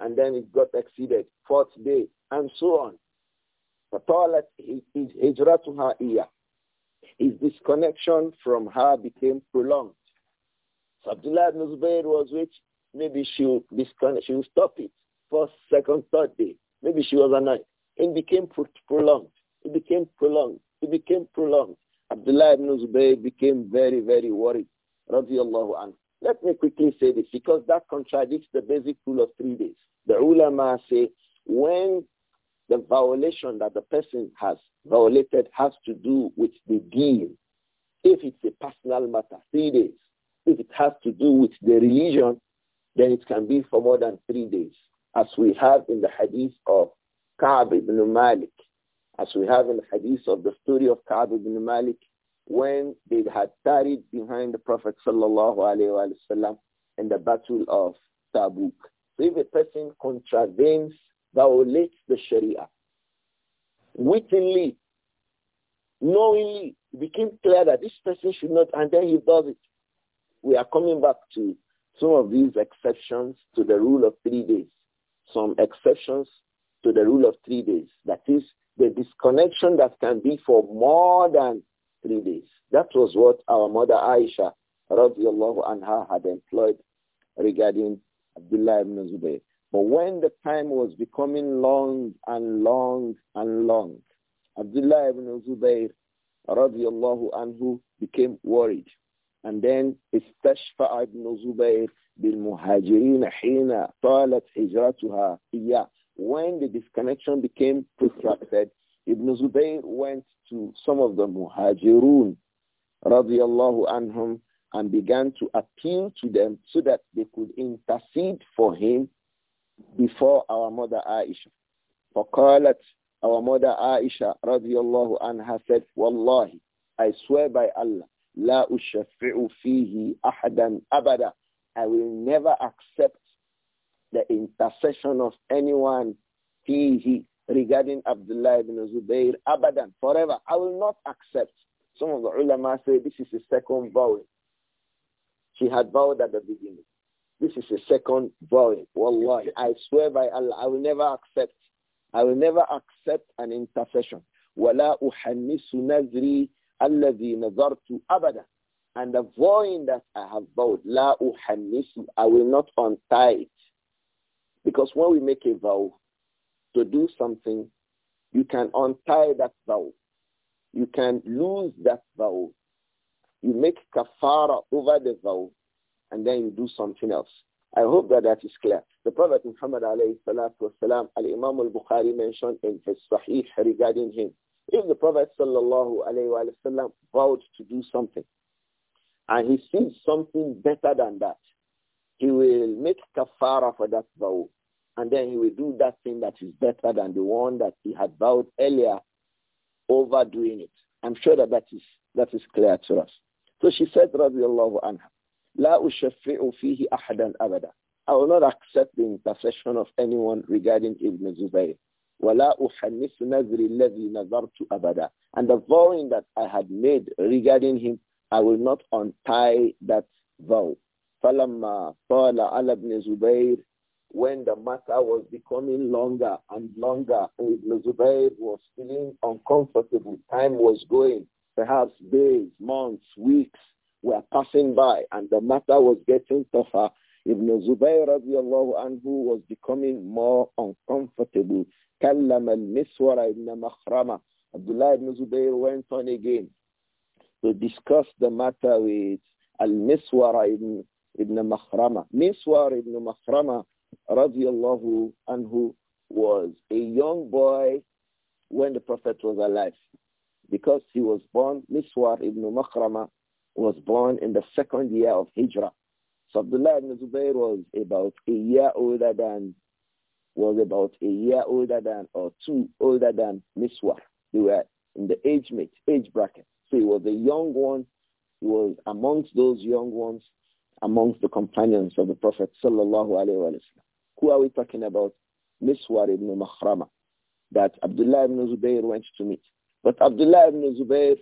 and then it got exceeded, fourth day, and so on. فطالت هجرتها إياه his disconnection from her became prolonged. So Abdullah ibn was rich. Maybe she'll, disconnect, she stop it. First, second, third day. Maybe she was annoyed. It became pro prolonged. It became prolonged. It became prolonged. Abdullah ibn Zubayr became very, very worried. Radiallahu anhu. Let me quickly say this because that contradicts the basic rule of three days. The ulama say when the violation that the person has violated has to do with the deed. If it's a personal matter, three days. If it has to do with the religion, then it can be for more than three days, as we have in the hadith of Ka'b ibn Malik, as we have in the hadith of the story of Ka'b ibn Malik, when they had tarried behind the Prophet sallallahu wa sallam in the battle of Tabuk. So if a person contravenes violates the Sharia. Wittingly, knowingly, it became clear that this person should not, and then he does it. We are coming back to some of these exceptions to the rule of three days. Some exceptions to the rule of three days. That is the disconnection that can be for more than three days. That was what our mother Aisha radiallahu anha had employed regarding Abdullah ibn Zubayr. But when the time was becoming long and long and long, Abdullah ibn Zubayr radiallahu anhu became worried. And then استشفع ابن زبير بالمهاجرين حين طالت هجرتها إياه. When the disconnection became protracted, Ibn Zubayr went to some of the muhajirun radiallahu anhum and began to appeal to them so that they could intercede for him before our mother Aisha. فقالت our mother Aisha رضي الله عنها said والله I swear by Allah لا أشفع فيه أحدا أبدا I will never accept the intercession of anyone فيه regarding Abdullah ibn Zubayr abadan forever I will not accept some of the ulama say this is the second vow she had vowed at the beginning this is a second vow. Wallahi, I swear by Allah, I will never accept. I will never accept an intercession. وَلَا أُحَنِّسُ نَذْرِي الَّذِي نَذَرْتُ أَبَدًا And the vowing that I have vowed, لَا أُحَنِّسُ I will not untie it. Because when we make a vow to do something, you can untie that vow. You can lose that vow. You make kafara over the vow and then you do something else. I hope that that is clear. The Prophet Muhammad alayhi Al-Imam al-Bukhari mentioned in his Sahih regarding him. If the Prophet sallallahu alayhi wasallam vowed to do something and he sees something better than that, he will make kafara for that vow. And then he will do that thing that is better than the one that he had vowed earlier, overdoing it. I'm sure that that is, that is clear to us. So she said, radiallahu anha, I will not accept the intercession of anyone regarding Ibn Zubayr. وَلَا أُحَنِّثُ الَّذِي نَذَرْتُ أَبَدًا And the vowing that I had made regarding him, I will not untie that vow. فَلَمَّا طَالَ عَلَى ابْنِ زُبَيْرٍ When the matter was becoming longer and longer, Ibn Zubayr was feeling uncomfortable. Time was going, perhaps days, months, weeks were passing by and the matter was getting tougher, Ibn Zubayr radiallahu anhu was becoming more uncomfortable. كلم المسور ابن مخرمة. Abdullah ibn Zubayr went on again to discuss the matter with al-Miswar ibn, ibn Makhrama. Miswar ibn Makhrama radiallahu was a young boy when the Prophet was alive because he was born, Miswar ibn Makhrama was born in the second year of Hijrah. So Abdullah ibn Zubayr was about a year older than, was about a year older than, or two older than Miswar. They were in the age mate, age bracket. So he was a young one. He was amongst those young ones, amongst the companions of the Prophet sallallahu alaihi wasallam. Who are we talking about? Miswar ibn Makhrama, that Abdullah ibn Zubayr went to meet. But Abdullah ibn Zubayr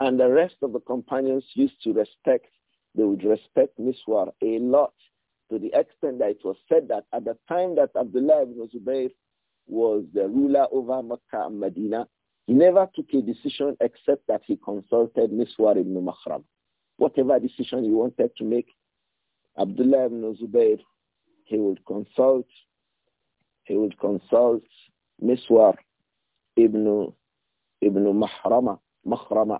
and the rest of the companions used to respect, they would respect Miswar a lot to the extent that it was said that at the time that Abdullah ibn Zubayr was the ruler over Makkah and Medina, he never took a decision except that he consulted Miswar ibn Makhram. Whatever decision he wanted to make, Abdullah ibn Zubayr, he would consult, he would consult Miswar ibn, ibn Mahrama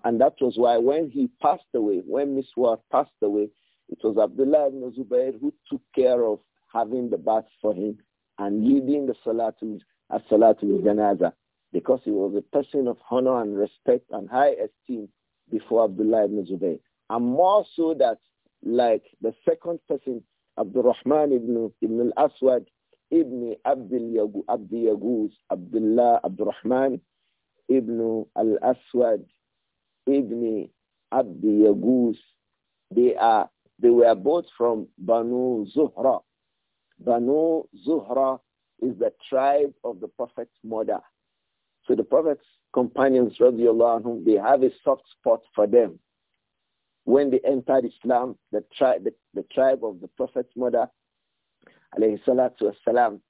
and that was why when he passed away, when Miswar passed away, it was Abdullah ibn Zubayr who took care of having the bath for him and leading the Salatul, uh, Salatul Janaza because he was a person of honor and respect and high esteem before Abdullah ibn Zubayr. And more so that like the second person, Abdurrahman ibn, ibn al-Aswad, Ibn Abdul Yaguz, Abdullah Abdurrahman ibn al-Aswad ibn Abdi They are they were both from Banu Zuhra. Banu Zuhra is the tribe of the Prophet's mother. So the Prophet's companions, radiallahu they have a soft spot for them. When they entered Islam, the, tri- the, the tribe of the Prophet's mother, alayhi salatu wasalam,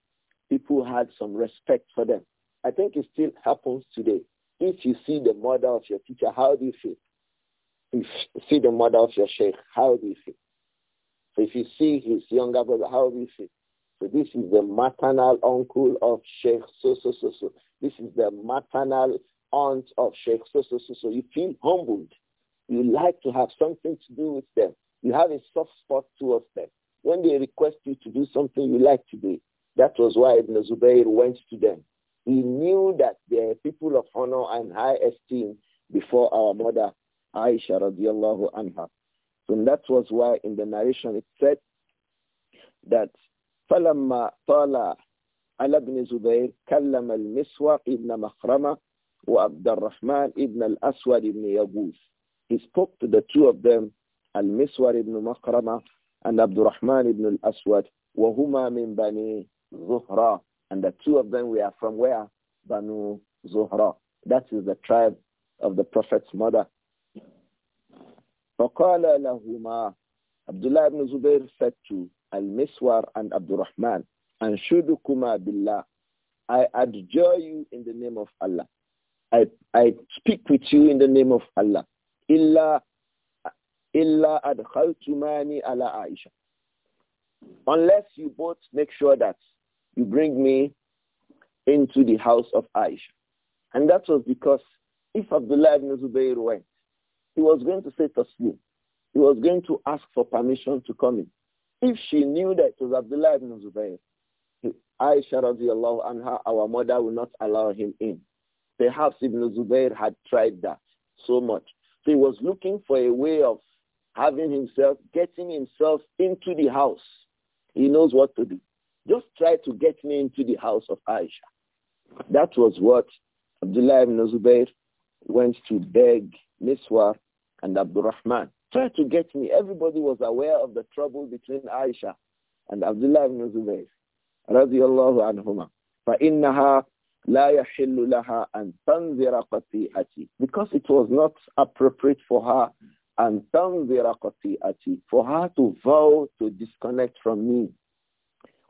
people had some respect for them. I think it still happens today. If you see the mother of your teacher, how do you feel? If you see the mother of your sheikh, how do you feel? So if you see his younger brother, how do you feel? So this is the maternal uncle of sheikh so so so so. This is the maternal aunt of sheikh so so so so. You feel humbled. You like to have something to do with them. You have a soft spot towards them. When they request you to do something, you like to do. That was why Ibn Zubayr went to them he knew that they are people of honor and high esteem before our mother Aisha radiallahu anha. So that was why in the narration it said that فلما طال على بن زبير كلم المسواق ابن مخرمة وعبد الرحمن ابن الأسود ابن يبوس He spoke to the two of them المسور ابن مخرمة and عبد الرحمن ابن الأسود وهما من بني زهرة and the two of them were from where? Banu Zuhra. That is the tribe of the Prophet's mother. فقال لهما Abdullah ibn Zubair said to Al-Miswar and Abdurrahman, Anshudukuma billah, I adjure you in the name of Allah. I, I speak with you in the name of Allah. Illa, illa adkhaltumani ala Aisha. Unless you both make sure that you bring me into the house of Aisha. And that was because if Abdullah ibn Zubayr went, he was going to say Taslim. He was going to ask for permission to come in. If she knew that it was Abdullah ibn Zubayr, Aisha radiallahu anha, our mother will not allow him in. Perhaps Ibn Zubayr had tried that so much. So he was looking for a way of having himself, getting himself into the house. He knows what to do. Just try to get me into the house of Aisha. That was what Abdullah ibn Zubayr went to beg Miswar and Abdurrahman. Try to get me. Everybody was aware of the trouble between Aisha and Abdullah ibn Zubayr. Radiallahu anhuma. فَإِنَّهَا لَا يَحِلُّ لَهَا أَن تَنْزِرَ قَتِيئَتِي Because it was not appropriate for her and تَنْزِرَ قَتِيئَتِي for her to vow to disconnect from me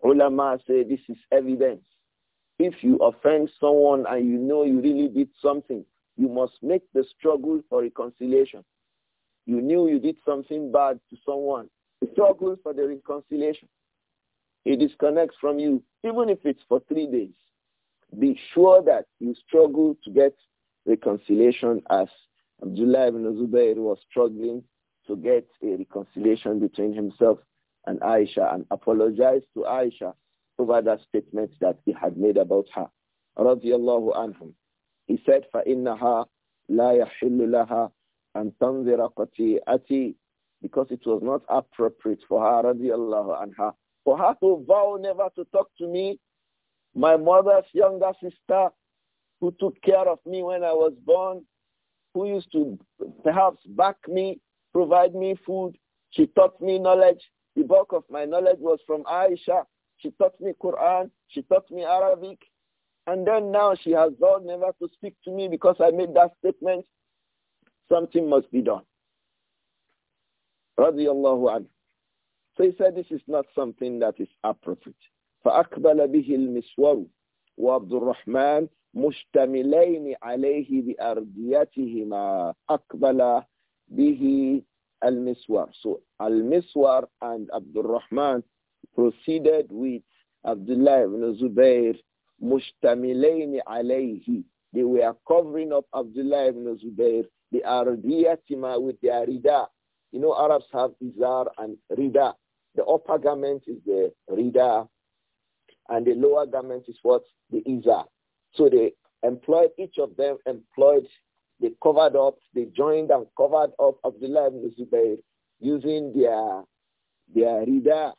Ulama say this is evidence. If you offend someone and you know you really did something, you must make the struggle for reconciliation. You knew you did something bad to someone. Struggle for the reconciliation. He disconnects from you, even if it's for three days. Be sure that you struggle to get reconciliation as Abdullah ibn Zubayr was struggling to get a reconciliation between himself and Aisha and apologized to Aisha over that statement that he had made about her. Radiallahu anhum. He said, فَإِنَّهَا لَا يَحِلُّ لَهَا أَن تَنْذِرَ قَتِيئَتِي Because it was not appropriate for her, radiallahu anha, for her to vow never to talk to me, my mother's younger sister who took care of me when I was born, who used to perhaps back me, provide me food, she taught me knowledge, the bulk of my knowledge was from Aisha. She taught me Quran. She taught me Arabic. And then now she has vowed never to speak to me because I made that statement. Something must be done. Radiallahu anhu. So he said this is not something that is appropriate. فأقبل به المسور وعبد الرحمن مشتملين عليه بأرديتهما أقبل به al-Miswar. So al-Miswar and Abdul Rahman proceeded with Abdullah ibn Zubair mustamilaini alayhi. They were covering up Abdullah ibn Zubair, the ardiyatima with the rida. You know, Arabs have izar and rida. The upper garment is the rida, and the lower garment is what? The izar. So they employed, each of them employed they covered up, they joined and covered up Abdullah ibn Zubayr using their, their reader.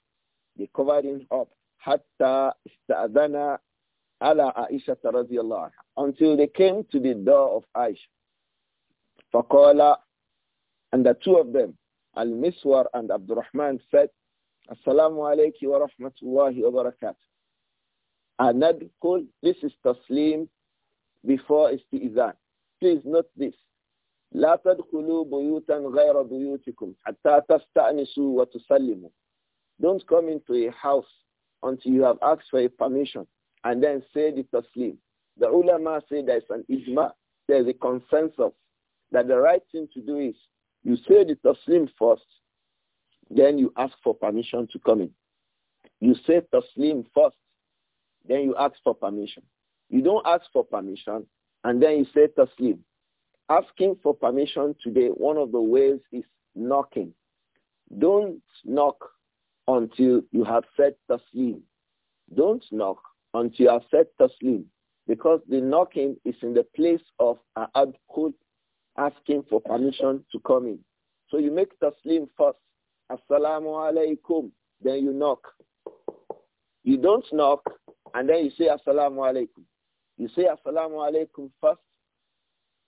They covered him up. Hatta istadana ala Aisha radiallahu Until they came to the door of Aisha. Faqala, and the two of them, Al-Miswar and Abdurrahman said, Assalamu alaykum wa rahmatullahi wa barakatuh. Anadkul, this is taslim before isti'izan. Please note this. لا تدخلوا بيوتا غير بيوتكم حتى تستأنسوا وتسلموا. Don't come into a house until you have asked for a permission and then say the taslim. The ulama say there's an ijma, there's a consensus that the right thing to do is you say the taslim first, then you ask for permission to come in. You say taslim first, then you ask for permission. You don't ask for permission, and then you say taslim. Asking for permission today, one of the ways is knocking. Don't knock until you have said taslim. Don't knock until you have said taslim. Because the knocking is in the place of adkhul, asking for permission to come in. So you make taslim first. Assalamu alaikum. Then you knock. You don't knock and then you say assalamu alaikum. You say assalamu alaikum first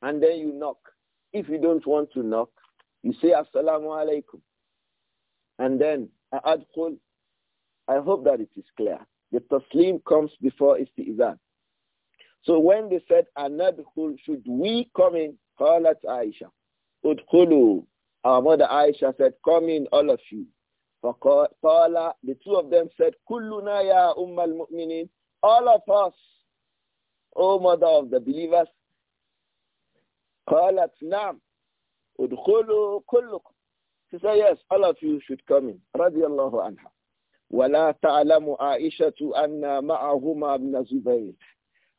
and then you knock. If you don't want to knock, you say assalamu alaikum. And then adkhul. I hope that it is clear. The taslim comes before istizan. So when they said anadkhul, should we come in? Qalat Aisha. Udkhulu. Our mother Aisha said, come in all of you. Faqala, the two of them said, kulluna ya ummal mu'minin. All of us, O mother of the believers, قالت Nam. ادخلوا كلكم. She said, yes, all of you should come in. رضي anha. ولا تعلم عائشة أن معهما ابن زبير.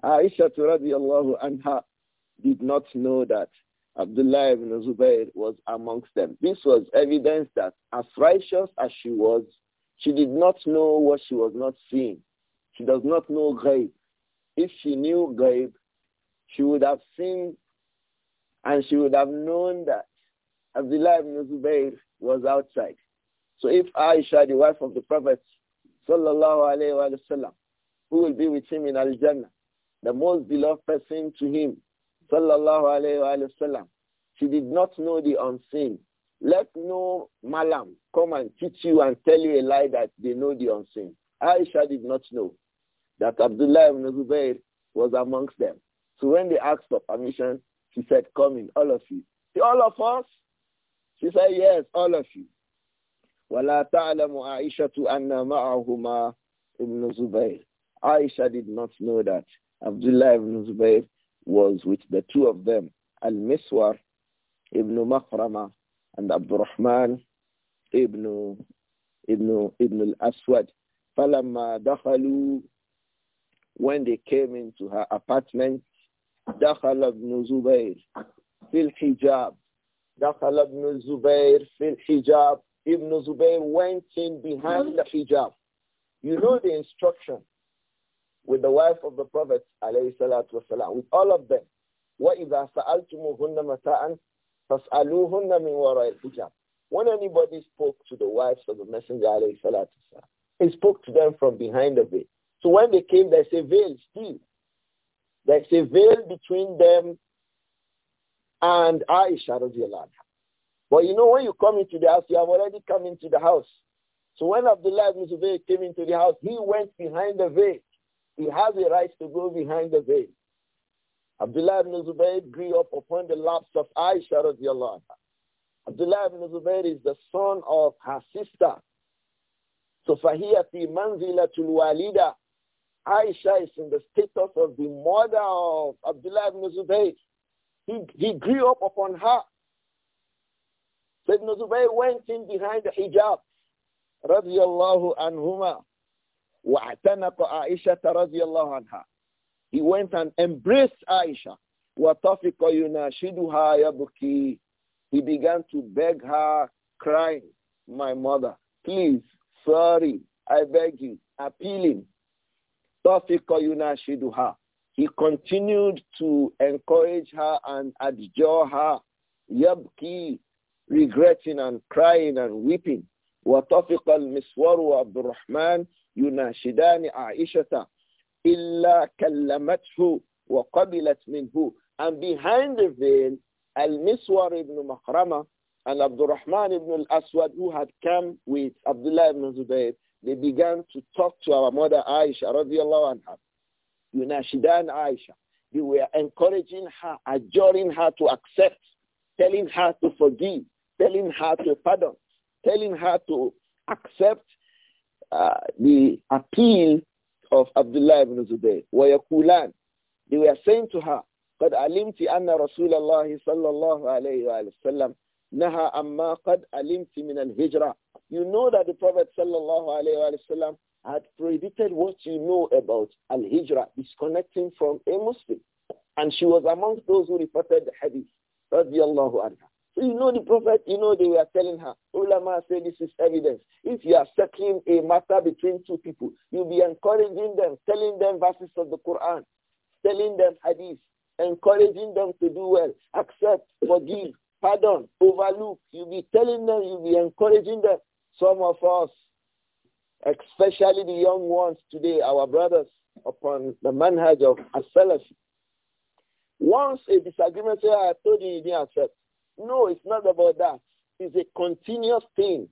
Aisha رضي الله عنها did not know that Abdullah ibn Zubayr was amongst them. This was evidence that as righteous as she was, she did not know what she was not seeing. She does not know ghaib if she knew grave, she would have seen and she would have known that Abdullah ibn Zubayr was outside. So if Aisha, the wife of the Prophet, sallallahu alayhi wasallam, who will be with him in Al-Jannah, the most beloved person to him, sallallahu alayhi wasallam, she did not know the unseen. Let no malam come and teach you and tell you a lie that they know the unseen. Aisha did not know that Abdullah ibn Zubayr was amongst them. So when they asked for permission, she said, come in, all of you. See, all of us? She said, yes, all of you. وَلَا تَعْلَمُ عَائِشَةُ أَنَّ مَعَهُمَا ibn Zubayr. Aisha did not know that Abdullah ibn Zubayr was with the two of them, Al-Miswar ibn Makhrama and Abdurrahman ibn, ibn, ibn al-Aswad. فَلَمَّا دَخَلُوا when they came into her apartment, دخل ابن زبير في الحجاب دخل ابن زبير في الحجاب Ibn Zubayr went in behind the hijab. You know the instruction with the wife of the Prophet والسلام, with all of them. وَإِذَا سَأَلْتُمُهُنَّ مَتَاءً فَاسْأَلُوهُنَّ مِنْ وَرَاءِ الْحِجَابِ When anybody spoke to the wives of the Messenger والسلام, he spoke to them from behind the veil. So when they came, there's a veil still. There's a veil between them and Aisha radiallahu But you know, when you come into the house, you have already come into the house. So when Abdullah ibn Zubayr came into the house, he went behind the veil. He has a right to go behind the veil. Abdullah ibn Zubayr grew up upon the laps of Aisha radiallahu Abdullah ibn Zubayr is the son of her sister. So فَهِيَ فِي مَنْزِلَةُ الْوَالِدَةِ Aisha is in the status of the mother of Abdullah ibn Zubayr. He, he grew up upon her. Sayyidina Zubayr went in behind the hijab. رضي الله عنهما واعتنق عائشة رضي الله عنها. He went and embraced Aisha. وطفق يناشدها يبكي. He began to beg her, crying, my mother, please, sorry, I beg you, appealing, he continued to encourage her and adjure her, yabki, regretting and crying and weeping. وطفق المسور وعبد الرحمن يناشدان عائشة إلا كلمته وقبلت منه and behind the veil المسور ibn مخرمة and عبد الرحمن ibn al-Aswad who had come with Abdullah ibn Zubayr they began to talk to our mother Aisha, radiallahu anha. Yunashidan Aisha. They were encouraging her, adjuring her to accept, telling her to forgive, telling her to pardon, telling her to accept uh, the appeal of Abdullah ibn Zubayr. They were saying to her, قَدْ عَلِمْتِ أَنَّ رَسُولَ اللَّهِ صَلَّى اللَّهُ عَلَيْهِ وَسَلَّمَ Naha amma qad alimti min al-hijra. You know that the Prophet sallallahu alayhi sallam had prohibited what you know about al-hijra, disconnecting from a Muslim. And she was amongst those who reported the hadith, radiallahu anha. So you know the Prophet, you know they were telling her, ulama say this is evidence. If you are settling a matter between two people, you'll be encouraging them, telling them verses of the Quran, telling them hadith, encouraging them to do well, accept, forgive, pardon, overlook. You'll be telling them, you'll be encouraging them. Some of us, especially the young ones today, our brothers, upon the manhaj of as Once a disagreement, say, ah, I told you you didn't accept. No, it's not about that. It's a continuous thing.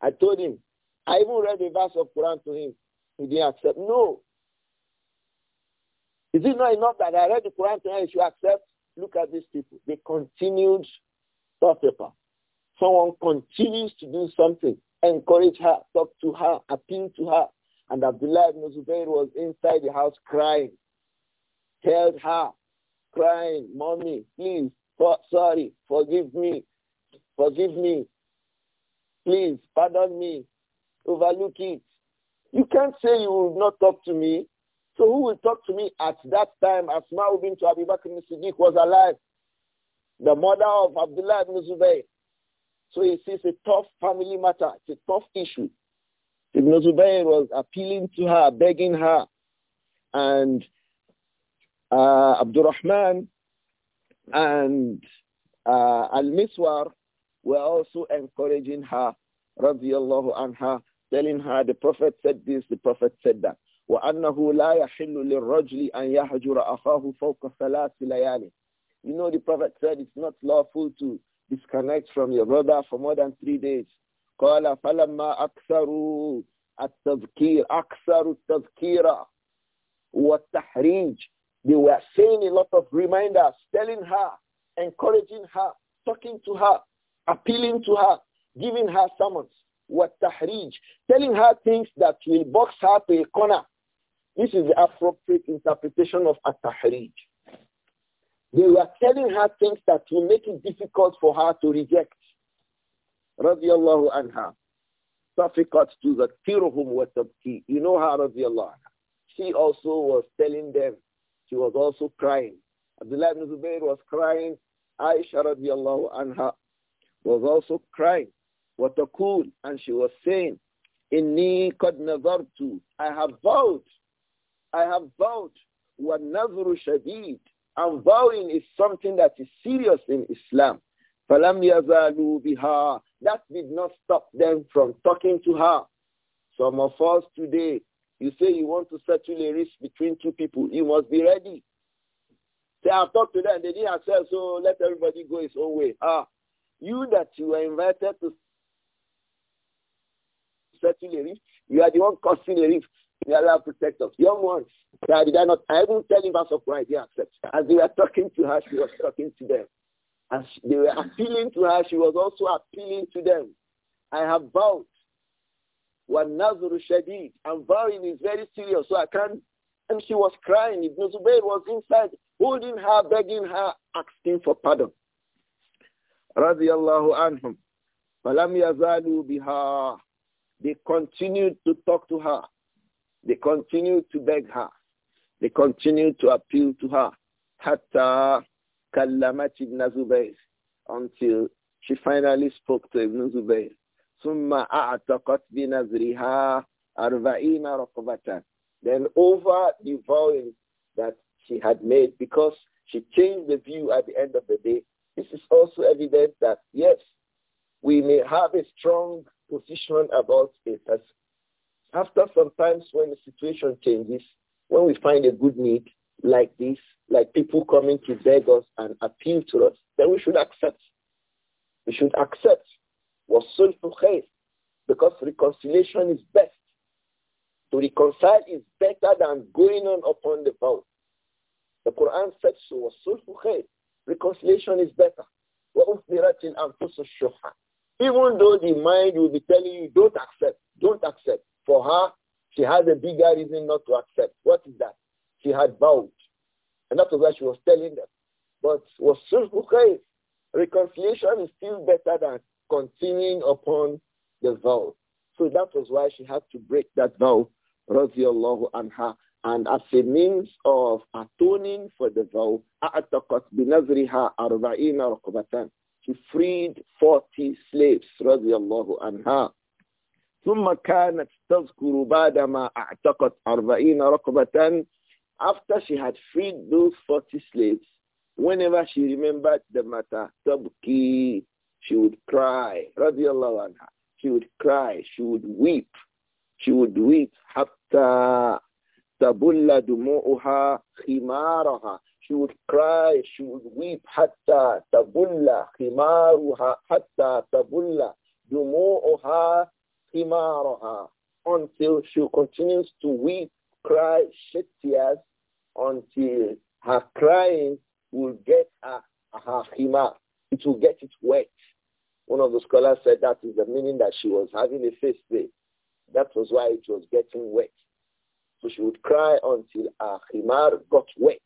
I told him. I even read a verse of Quran to him. He didn't accept. No. Is it not enough that I read the Quran to him? He should accept. Look at these people. They continued paper. Someone continues to do something. Encourage her, talk to her, appeal to her. And Abdullah ibn was inside the house crying. Held her, crying, Mommy, please, for, sorry, forgive me, forgive me. Please, pardon me, overlook it. You can't say you will not talk to me. So who will talk to me at that time? Asma ibn Abi Bakr al-Siddiq was alive the mother of Abdullah ibn Zubayr. So it is a tough family matter. It's a tough issue. Ibn Zubayr was appealing to her, begging her. And uh, Abdurrahman and uh, Al-Miswar were also encouraging her, radiallahu anha, telling her the Prophet said this, the Prophet said that. وأنه لا يحل للرجل أن يهجر أخاه فوق ثلاث ليالٍ you know the Prophet said it's not lawful to disconnect from your brother for more than three days. قال فلما أكثروا They were saying a lot of reminders, telling her, encouraging her, talking to her, appealing to her, giving her summons, والتحريج, telling her things that will box her to a corner. This is the appropriate interpretation of at-tahrij. They were telling her things that will make it difficult for her to reject. رضي الله عنها صفقت تذكرهم وتبكي You know her رضي الله She also was telling them She was also crying Abdullah ibn Zubayr was crying Aisha رضي الله her was also crying cool! And she was saying إني قد نظرت I have vowed I have vowed والنظر شديد and vowing is something that is serious in Islam. فَلَمْ يَزَالُوا That did not stop them from talking to her. Some of us today, you say you want to settle a risk between two people, you must be ready. Say, I've talked to them, they didn't accept, so let everybody go his own way. Ah, you that you were invited to settle a risk, you are the one causing a risk. May Allah protect us. Young ones, I did I not, I even tell him about surprise. he accepts. As they were talking to her, she was talking to them. As they were appealing to her, she was also appealing to them. I have vowed. وَالنَّظْرُ شَدِيد And vowing is very serious, so I can't. And she was crying. Ibn Zubayr was inside, holding her, begging her, asking for pardon. رضي الله They continued to talk to her. They continued to beg her. They continued to appeal to her. Hatta kallamat ibn Zubayr until she finally spoke to Ibn Zubayr. Summa a'taqat binazriha arba'ina raqabatan. Then over the vowing that she had made because she changed the view at the end of the day. This is also evidence that yes, we may have a strong position about a person, after sometimes when the situation changes, when we find a good need like this, like people coming to beg us and appeal to us, then we should accept. We should accept. وَالصُّلْحُ خَيْرٌ Because reconciliation is best. To reconcile is better than going on upon the vow. The Quran says so. وَالصُّلْحُ خَيْرٌ Reconciliation is better. Even though the mind will be telling you, don't accept, don't accept. For her, she has a bigger reason not to accept. What is that? She had vowed. And that was why she was telling them. But was khayr. Reconciliation is still better than continuing upon the vow. So that was why she had to break that vow, radiallahu anha. And as a means of atoning for the vow, She freed 40 slaves, radiallahu anha. ثم كانت تذكر بعد اعتقت أربعين رقبة after she had freed those 40 slaves whenever she remembered the matter تبكي she would cry رضي الله عنها she would cry she would weep she would weep حتى تبل دموعها خمارها she would cry she would weep حتى تبل خمارها حتى تبل دموعها until she continues to weep, cry, shed tears until her crying will get her, her himar. It will get it wet. One of the scholars said that is the meaning that she was having a face day. That was why it was getting wet. So she would cry until her himar got wet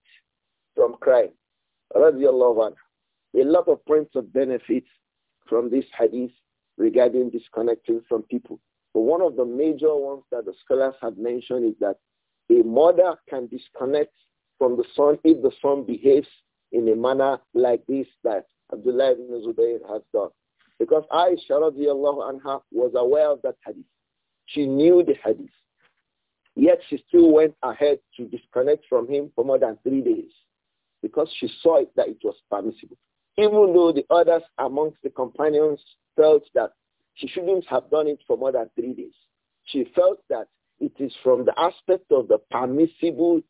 from crying. Radiallahu anha. A lot of points of benefits from this hadith regarding disconnecting from people. But one of the major ones that the scholars have mentioned is that a mother can disconnect from the son if the son behaves in a manner like this that Abdullah ibn Zubayr has done. Because Aisha radiallahu anha was aware of that hadith. She knew the hadith. Yet she still went ahead to disconnect from him for more than three days because she saw it, that it was permissible. Even though the others amongst the companions felt that she shouldn't have done it for more than three days. She felt that it is from the aspect of the permissible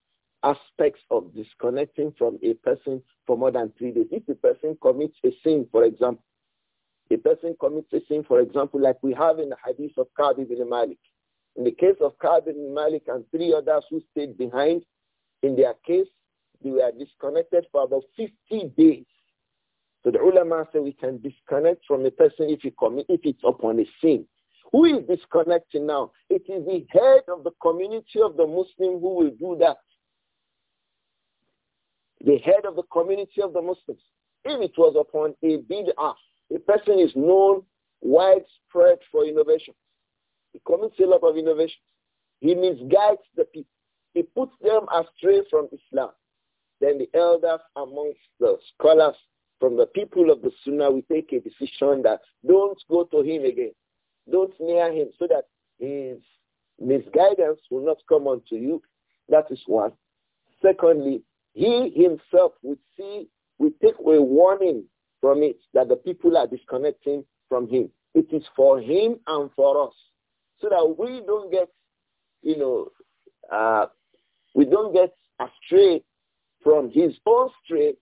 aspects of disconnecting from a person for more than three days. If a person commits a sin, for example, a person commits a sin, for example, like we have in the hadith of Ka'b ibn Malik. In the case of Ka'b ibn Malik and three others who stayed behind, in their case, they were disconnected for about 50 days. So the ulama say we can disconnect from a person if he commit, if it's upon a sin. Who is disconnecting now? It is the head of the community of the Muslim who will do that. The head of the community of the Muslims. If it was upon a bid'ah, a person is known widespread for innovation. He commits a lot of innovations. He misguides the people. He puts them astray from Islam. Then the elders amongst the scholars from the people of the Sunnah, we take a decision that don't go to him again. Don't near him so that his misguidance will not come unto you. That is one. Secondly, he himself would see, we take a warning from it that the people are disconnecting from him. It is for him and for us so that we don't get, you know, uh, we don't get astray from his own stray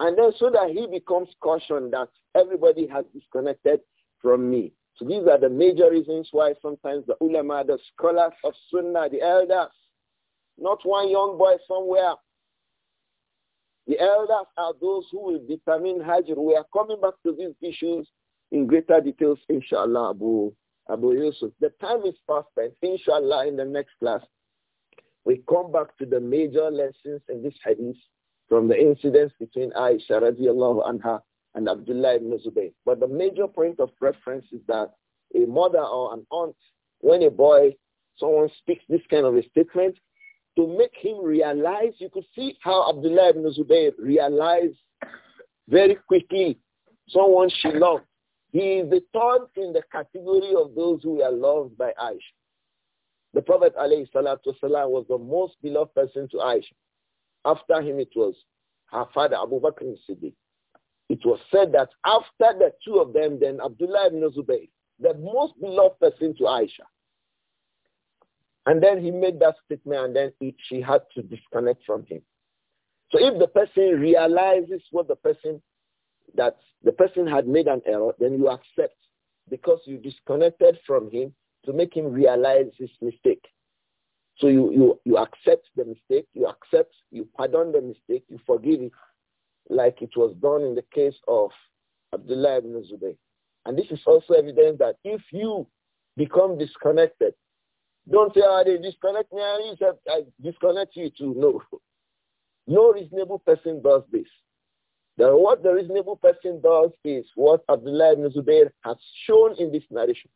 and then so that he becomes cautioned that everybody has disconnected from me. So these are the major reasons why sometimes the ulama, the scholars of sunnah, the elders, not one young boy somewhere. The elders are those who will determine Hajj. We are coming back to these issues in greater details, inshallah, Abu, Abu Yusuf. The time is fast spent. Inshallah, in the next class, we come back to the major lessons in this hadith from the incidents between Aisha radiallahu anha and Abdullah ibn Zubayr. But the major point of reference is that a mother or an aunt, when a boy, someone speaks this kind of a statement, to make him realize, you could see how Abdullah ibn Zubayr realized very quickly someone she loved. He is the third in the category of those who are loved by Aisha. The Prophet ﷺ was the most beloved person to Aisha. After him, it was her father, Abu Bakr siddiq It was said that after the two of them, then Abdullah ibn Zubayr, the most beloved person to Aisha. And then he made that statement and then it, she had to disconnect from him. So if the person realizes what the person, that the person had made an error, then you accept because you disconnected from him to make him realize his mistake. So you, you, you accept the mistake, you accept, you pardon the mistake, you forgive it, like it was done in the case of Abdullah ibn Zubayr. And this is also evidence that if you become disconnected, don't say, oh, they disconnect me, I, disconnect you too. No. No reasonable person does this. Then what the reasonable person does is what Abdullah ibn Zubayr has shown in this narration.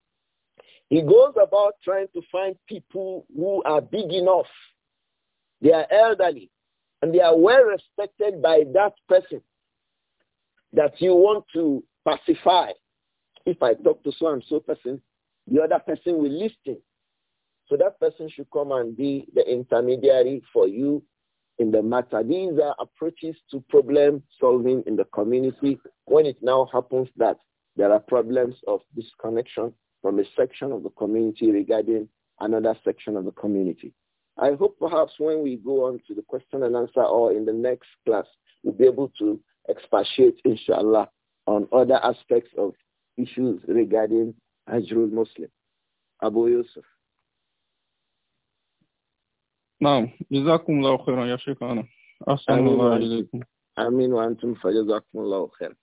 He goes about trying to find people who are big enough. They are elderly and they are well respected by that person that you want to pacify. If I talk to so and so person, the other person will listen. So that person should come and be the intermediary for you in the matter. These are approaches to problem solving in the community when it now happens that there are problems of disconnection from a section of the community regarding another section of the community. I hope perhaps when we go on to the question and answer or in the next class, we'll be able to expatiate, inshallah, on other aspects of issues regarding Hajrul Muslim. Abu Yusuf. نعم جزاكم الله خيرا يا شيخنا أحسن الله إليكم آمين وأنتم فجزاكم الله خيرا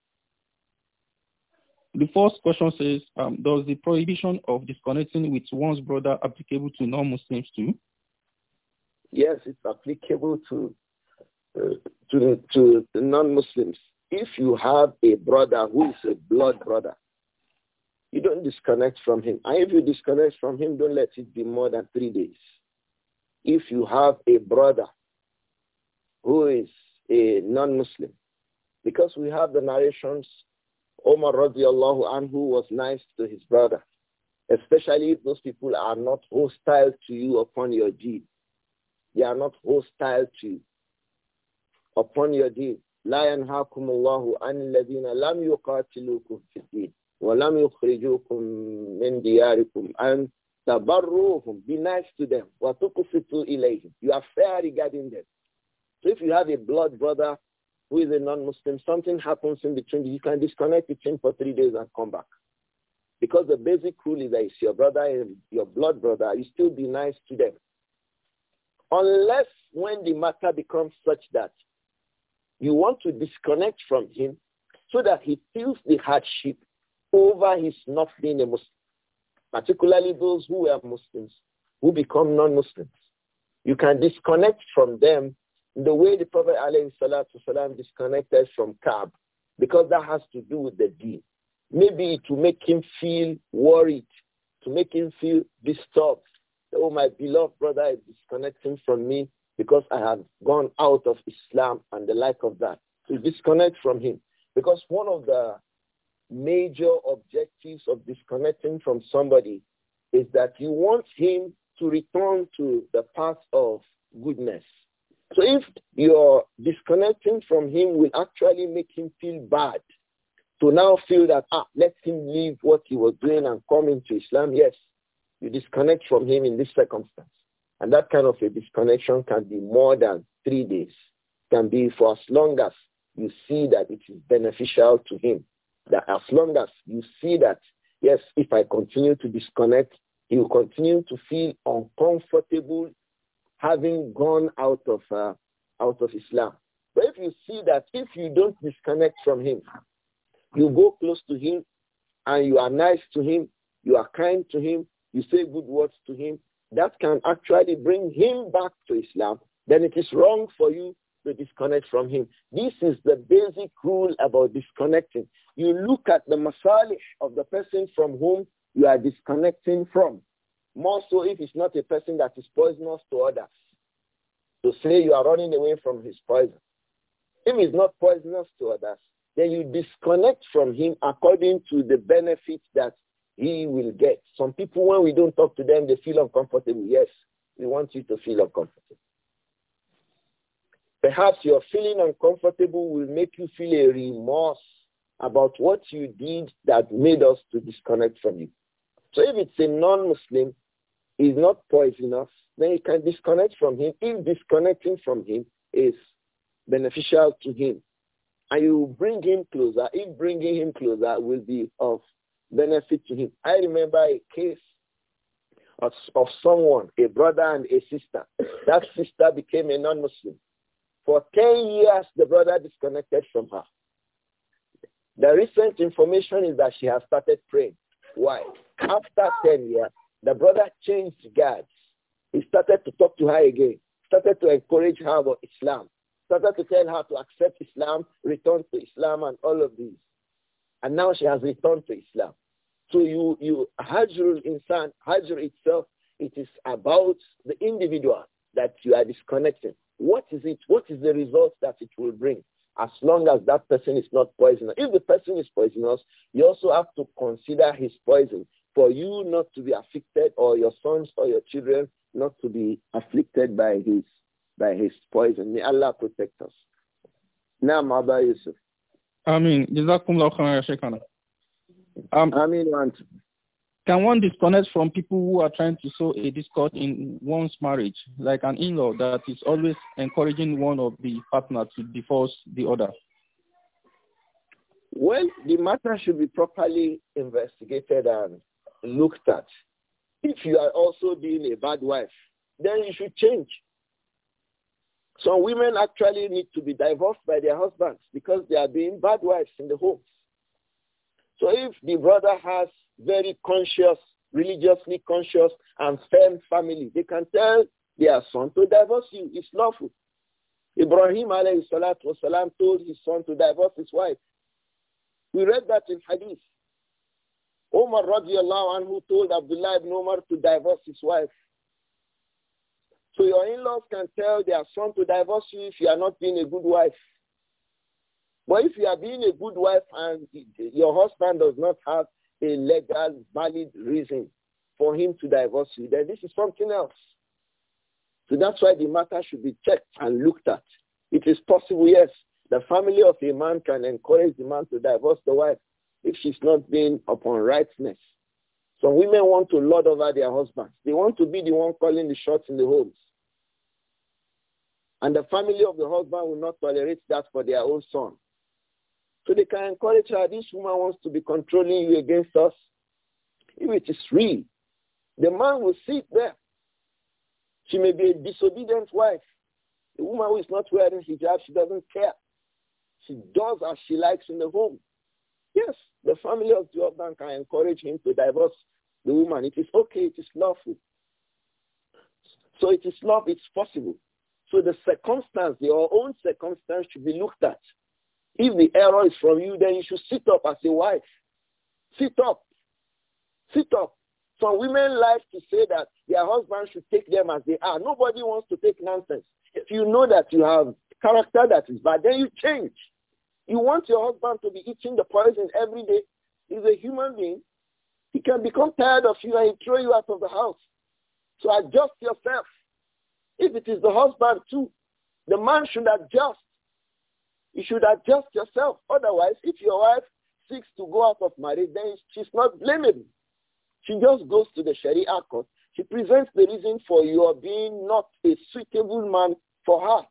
the first question says, um, does the prohibition of disconnecting with one's brother applicable to non-Muslims too? Yes, it's applicable to uh, to to non-Muslims. If you have a brother who is a blood brother, you don't disconnect from him. And if you disconnect from him, don't let it be more than three days. If you have a brother who is a non-Muslim, because we have the narrations Omar radiallahu anhu was nice to his brother, especially if those people are not hostile to you upon your deed. They are not hostile to you upon your deed. لا ينهاكم الله عن الذين لم يقاتلوكم في الدين ولم يخرجوكم من دياركم أن تبروهم be nice to them وتقسطوا إليهم you are fair regarding them so if you have a blood brother who is a non-Muslim, something happens in between, you can disconnect between for three days and come back. Because the basic rule is that it's your brother, your blood brother, you still be nice to them. Unless when the matter becomes such that you want to disconnect from him so that he feels the hardship over his not being a Muslim, particularly those who are Muslims, who become non-Muslims. You can disconnect from them the way the Prophet ﷺ disconnected from Kaab, because that has to do with the deed. Maybe to make him feel worried, to make him feel disturbed. Oh, my beloved brother is disconnecting from me because I have gone out of Islam and the like of that. To disconnect from him. Because one of the major objectives of disconnecting from somebody is that you want him to return to the path of goodness. So if your disconnecting from him will actually make him feel bad, to now feel that, ah, let him leave what he was doing and come into Islam, yes, you disconnect from him in this circumstance. And that kind of a disconnection can be more than three days, can be for as long as you see that it is beneficial to him. That as long as you see that, yes, if I continue to disconnect, he will continue to feel uncomfortable having gone out of, uh, out of Islam. But if you see that if you don't disconnect from him, you go close to him and you are nice to him, you are kind to him, you say good words to him, that can actually bring him back to Islam. Then it is wrong for you to disconnect from him. This is the basic rule about disconnecting. You look at the masalish of the person from whom you are disconnecting from. More so if it's not a person that is poisonous to others. To say you are running away from his poison. If he's not poisonous to others, then you disconnect from him according to the benefits that he will get. Some people, when we don't talk to them, they feel uncomfortable. Yes, we want you to feel uncomfortable. Perhaps your feeling uncomfortable will make you feel a remorse about what you did that made us to disconnect from you. So if it's a non-Muslim, is not poisonous, then you can disconnect from him if disconnecting from him is beneficial to him. And you bring him closer. If bringing him closer will be of benefit to him. I remember a case of, of someone, a brother and a sister. That sister became a non-Muslim. For 10 years, the brother disconnected from her. The recent information is that she has started praying. Why? After 10 years, the brother changed guards. He started to talk to her again, started to encourage her about Islam, started to tell her to accept Islam, return to Islam and all of these. And now she has returned to Islam. So you, you Hajrul Insan, Hajr itself, it is about the individual that you are disconnecting. What is it? What is the result that it will bring? As long as that person is not poisonous. If the person is poisonous, you also have to consider his poison for you not to be afflicted or your sons or your children not to be afflicted by his by his poison. May Allah protect us. Now, Abba Yusuf. Ameen. Jazakumullah khairan, Shaykhana. Um, Ameen. Can one disconnect from people who are trying to sow a discord in one's marriage, like an in-law that is always encouraging one of the partner to divorce the other? Well, the matter should be properly investigated and looked at. If you are also being a bad wife, then you should change. Some women actually need to be divorced by their husbands because they are being bad wives in the homes. So if the brother has very conscious, religiously conscious and firm family, they can tell their son to divorce you. It's lawful. Ibrahim alayhi salatu wasalam told his son to divorce his wife. We read that in hadith. Umar radiallahu anhu told Abdullah ibn Umar to divorce his wife. So your in-laws can tell their son to divorce you if you are not being a good wife. But if you are being a good wife and your husband does not have a legal, valid reason for him to divorce you, then this is something else. So that's why the matter should be checked and looked at. It is possible, yes, the family of a man can encourage the man to divorce the wife if she's not being upon rightness. Some women want to lord over their husbands. They want to be the one calling the shots in the homes. And the family of the husband will not tolerate that for their own son. So they can encourage her, this woman wants to be controlling you against us. If it is real, the man will sit there. She may be a disobedient wife. A woman who is not wearing hijab, she doesn't care. She does as she likes in the home. Yes, the family of the husband can encourage him to divorce the woman. It is okay. It is lawful. So it is love. It's possible. So the circumstance, your own circumstance should be looked at. If the error is from you, then you should sit up as a wife. Sit up. Sit up. Some women like to say that their husband should take them as they are. Nobody wants to take nonsense. If you know that you have character that is bad, then you change. You want your husband to be eating the poison every day. He's a human being. He can become tired of you and he throw you out of the house. So adjust yourself. If it is the husband too, the man should adjust. You should adjust yourself. Otherwise, if your wife seeks to go out of marriage, then she's not blamable. She just goes to the Sharia court. She presents the reason for your being not a suitable man for her.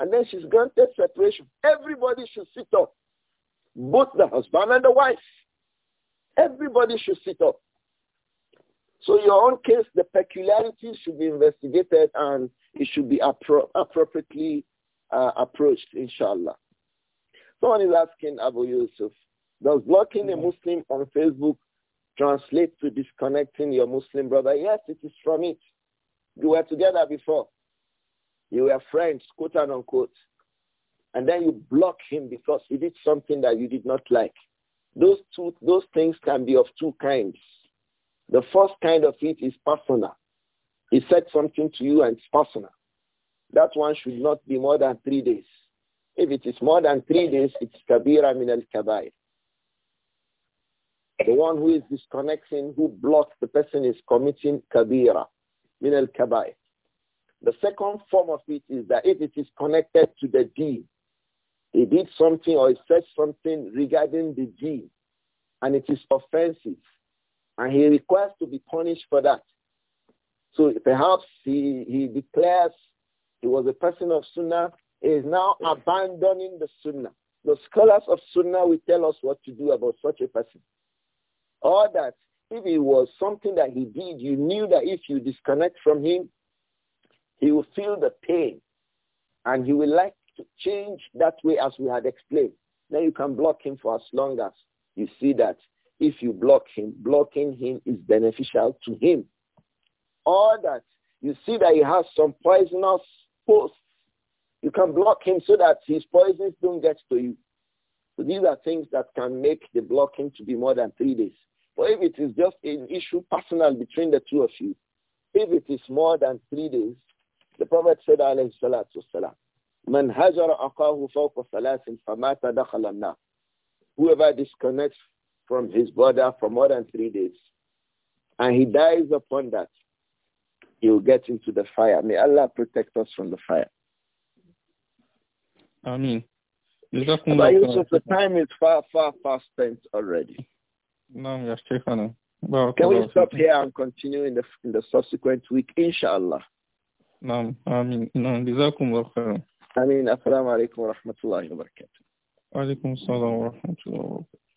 And then she's granted separation. Everybody should sit up. Both the husband and the wife. Everybody should sit up. So your own case, the peculiarities should be investigated and it should be appro appropriately uh, approached, inshallah. Someone is asking Abu Yusuf, does blocking a mm-hmm. Muslim on Facebook translate to disconnecting your Muslim brother? Yes, it is from it. You were together before. You were friends, quote and unquote. And then you block him because he did something that you did not like. Those two, those things can be of two kinds. The first kind of it is personal. He said something to you and it's personal. That one should not be more than three days. If it is more than three days, it's kabira min al-kabair. The one who is disconnecting, who blocks the person is committing kabira min al-kabair. The second form of it is that if it is connected to the deed, he did something or he said something regarding the deed, and it is offensive, and he requests to be punished for that. So perhaps he, he declares he was a person of Sunnah, he is now abandoning the Sunnah. The scholars of Sunnah will tell us what to do about such a person. Or that if it was something that he did, you knew that if you disconnect from him, he will feel the pain and he will like to change that way as we had explained. Then you can block him for as long as you see that if you block him, blocking him is beneficial to him. Or that you see that he has some poisonous posts. You can block him so that his poisons don't get to you. So these are things that can make the blocking to be more than three days. But if it is just an issue personal between the two of you, if it is more than three days, the Prophet said, alayhi salatu wasalam, Man hajara aqahu fawqa salasin famata dakhala Whoever disconnects from his brother for more than three days, and he dies upon that, he will get into the fire. May Allah protect us from the fire. I mean, by the time is far, far, far spent already. No, yes, Can we stop here and continue in the in the subsequent week, inshallah? نعم آمين نعم جزاكم الله خيرا آمين السلام عليكم ورحمة الله وبركاته وعليكم السلام ورحمة الله وبركاته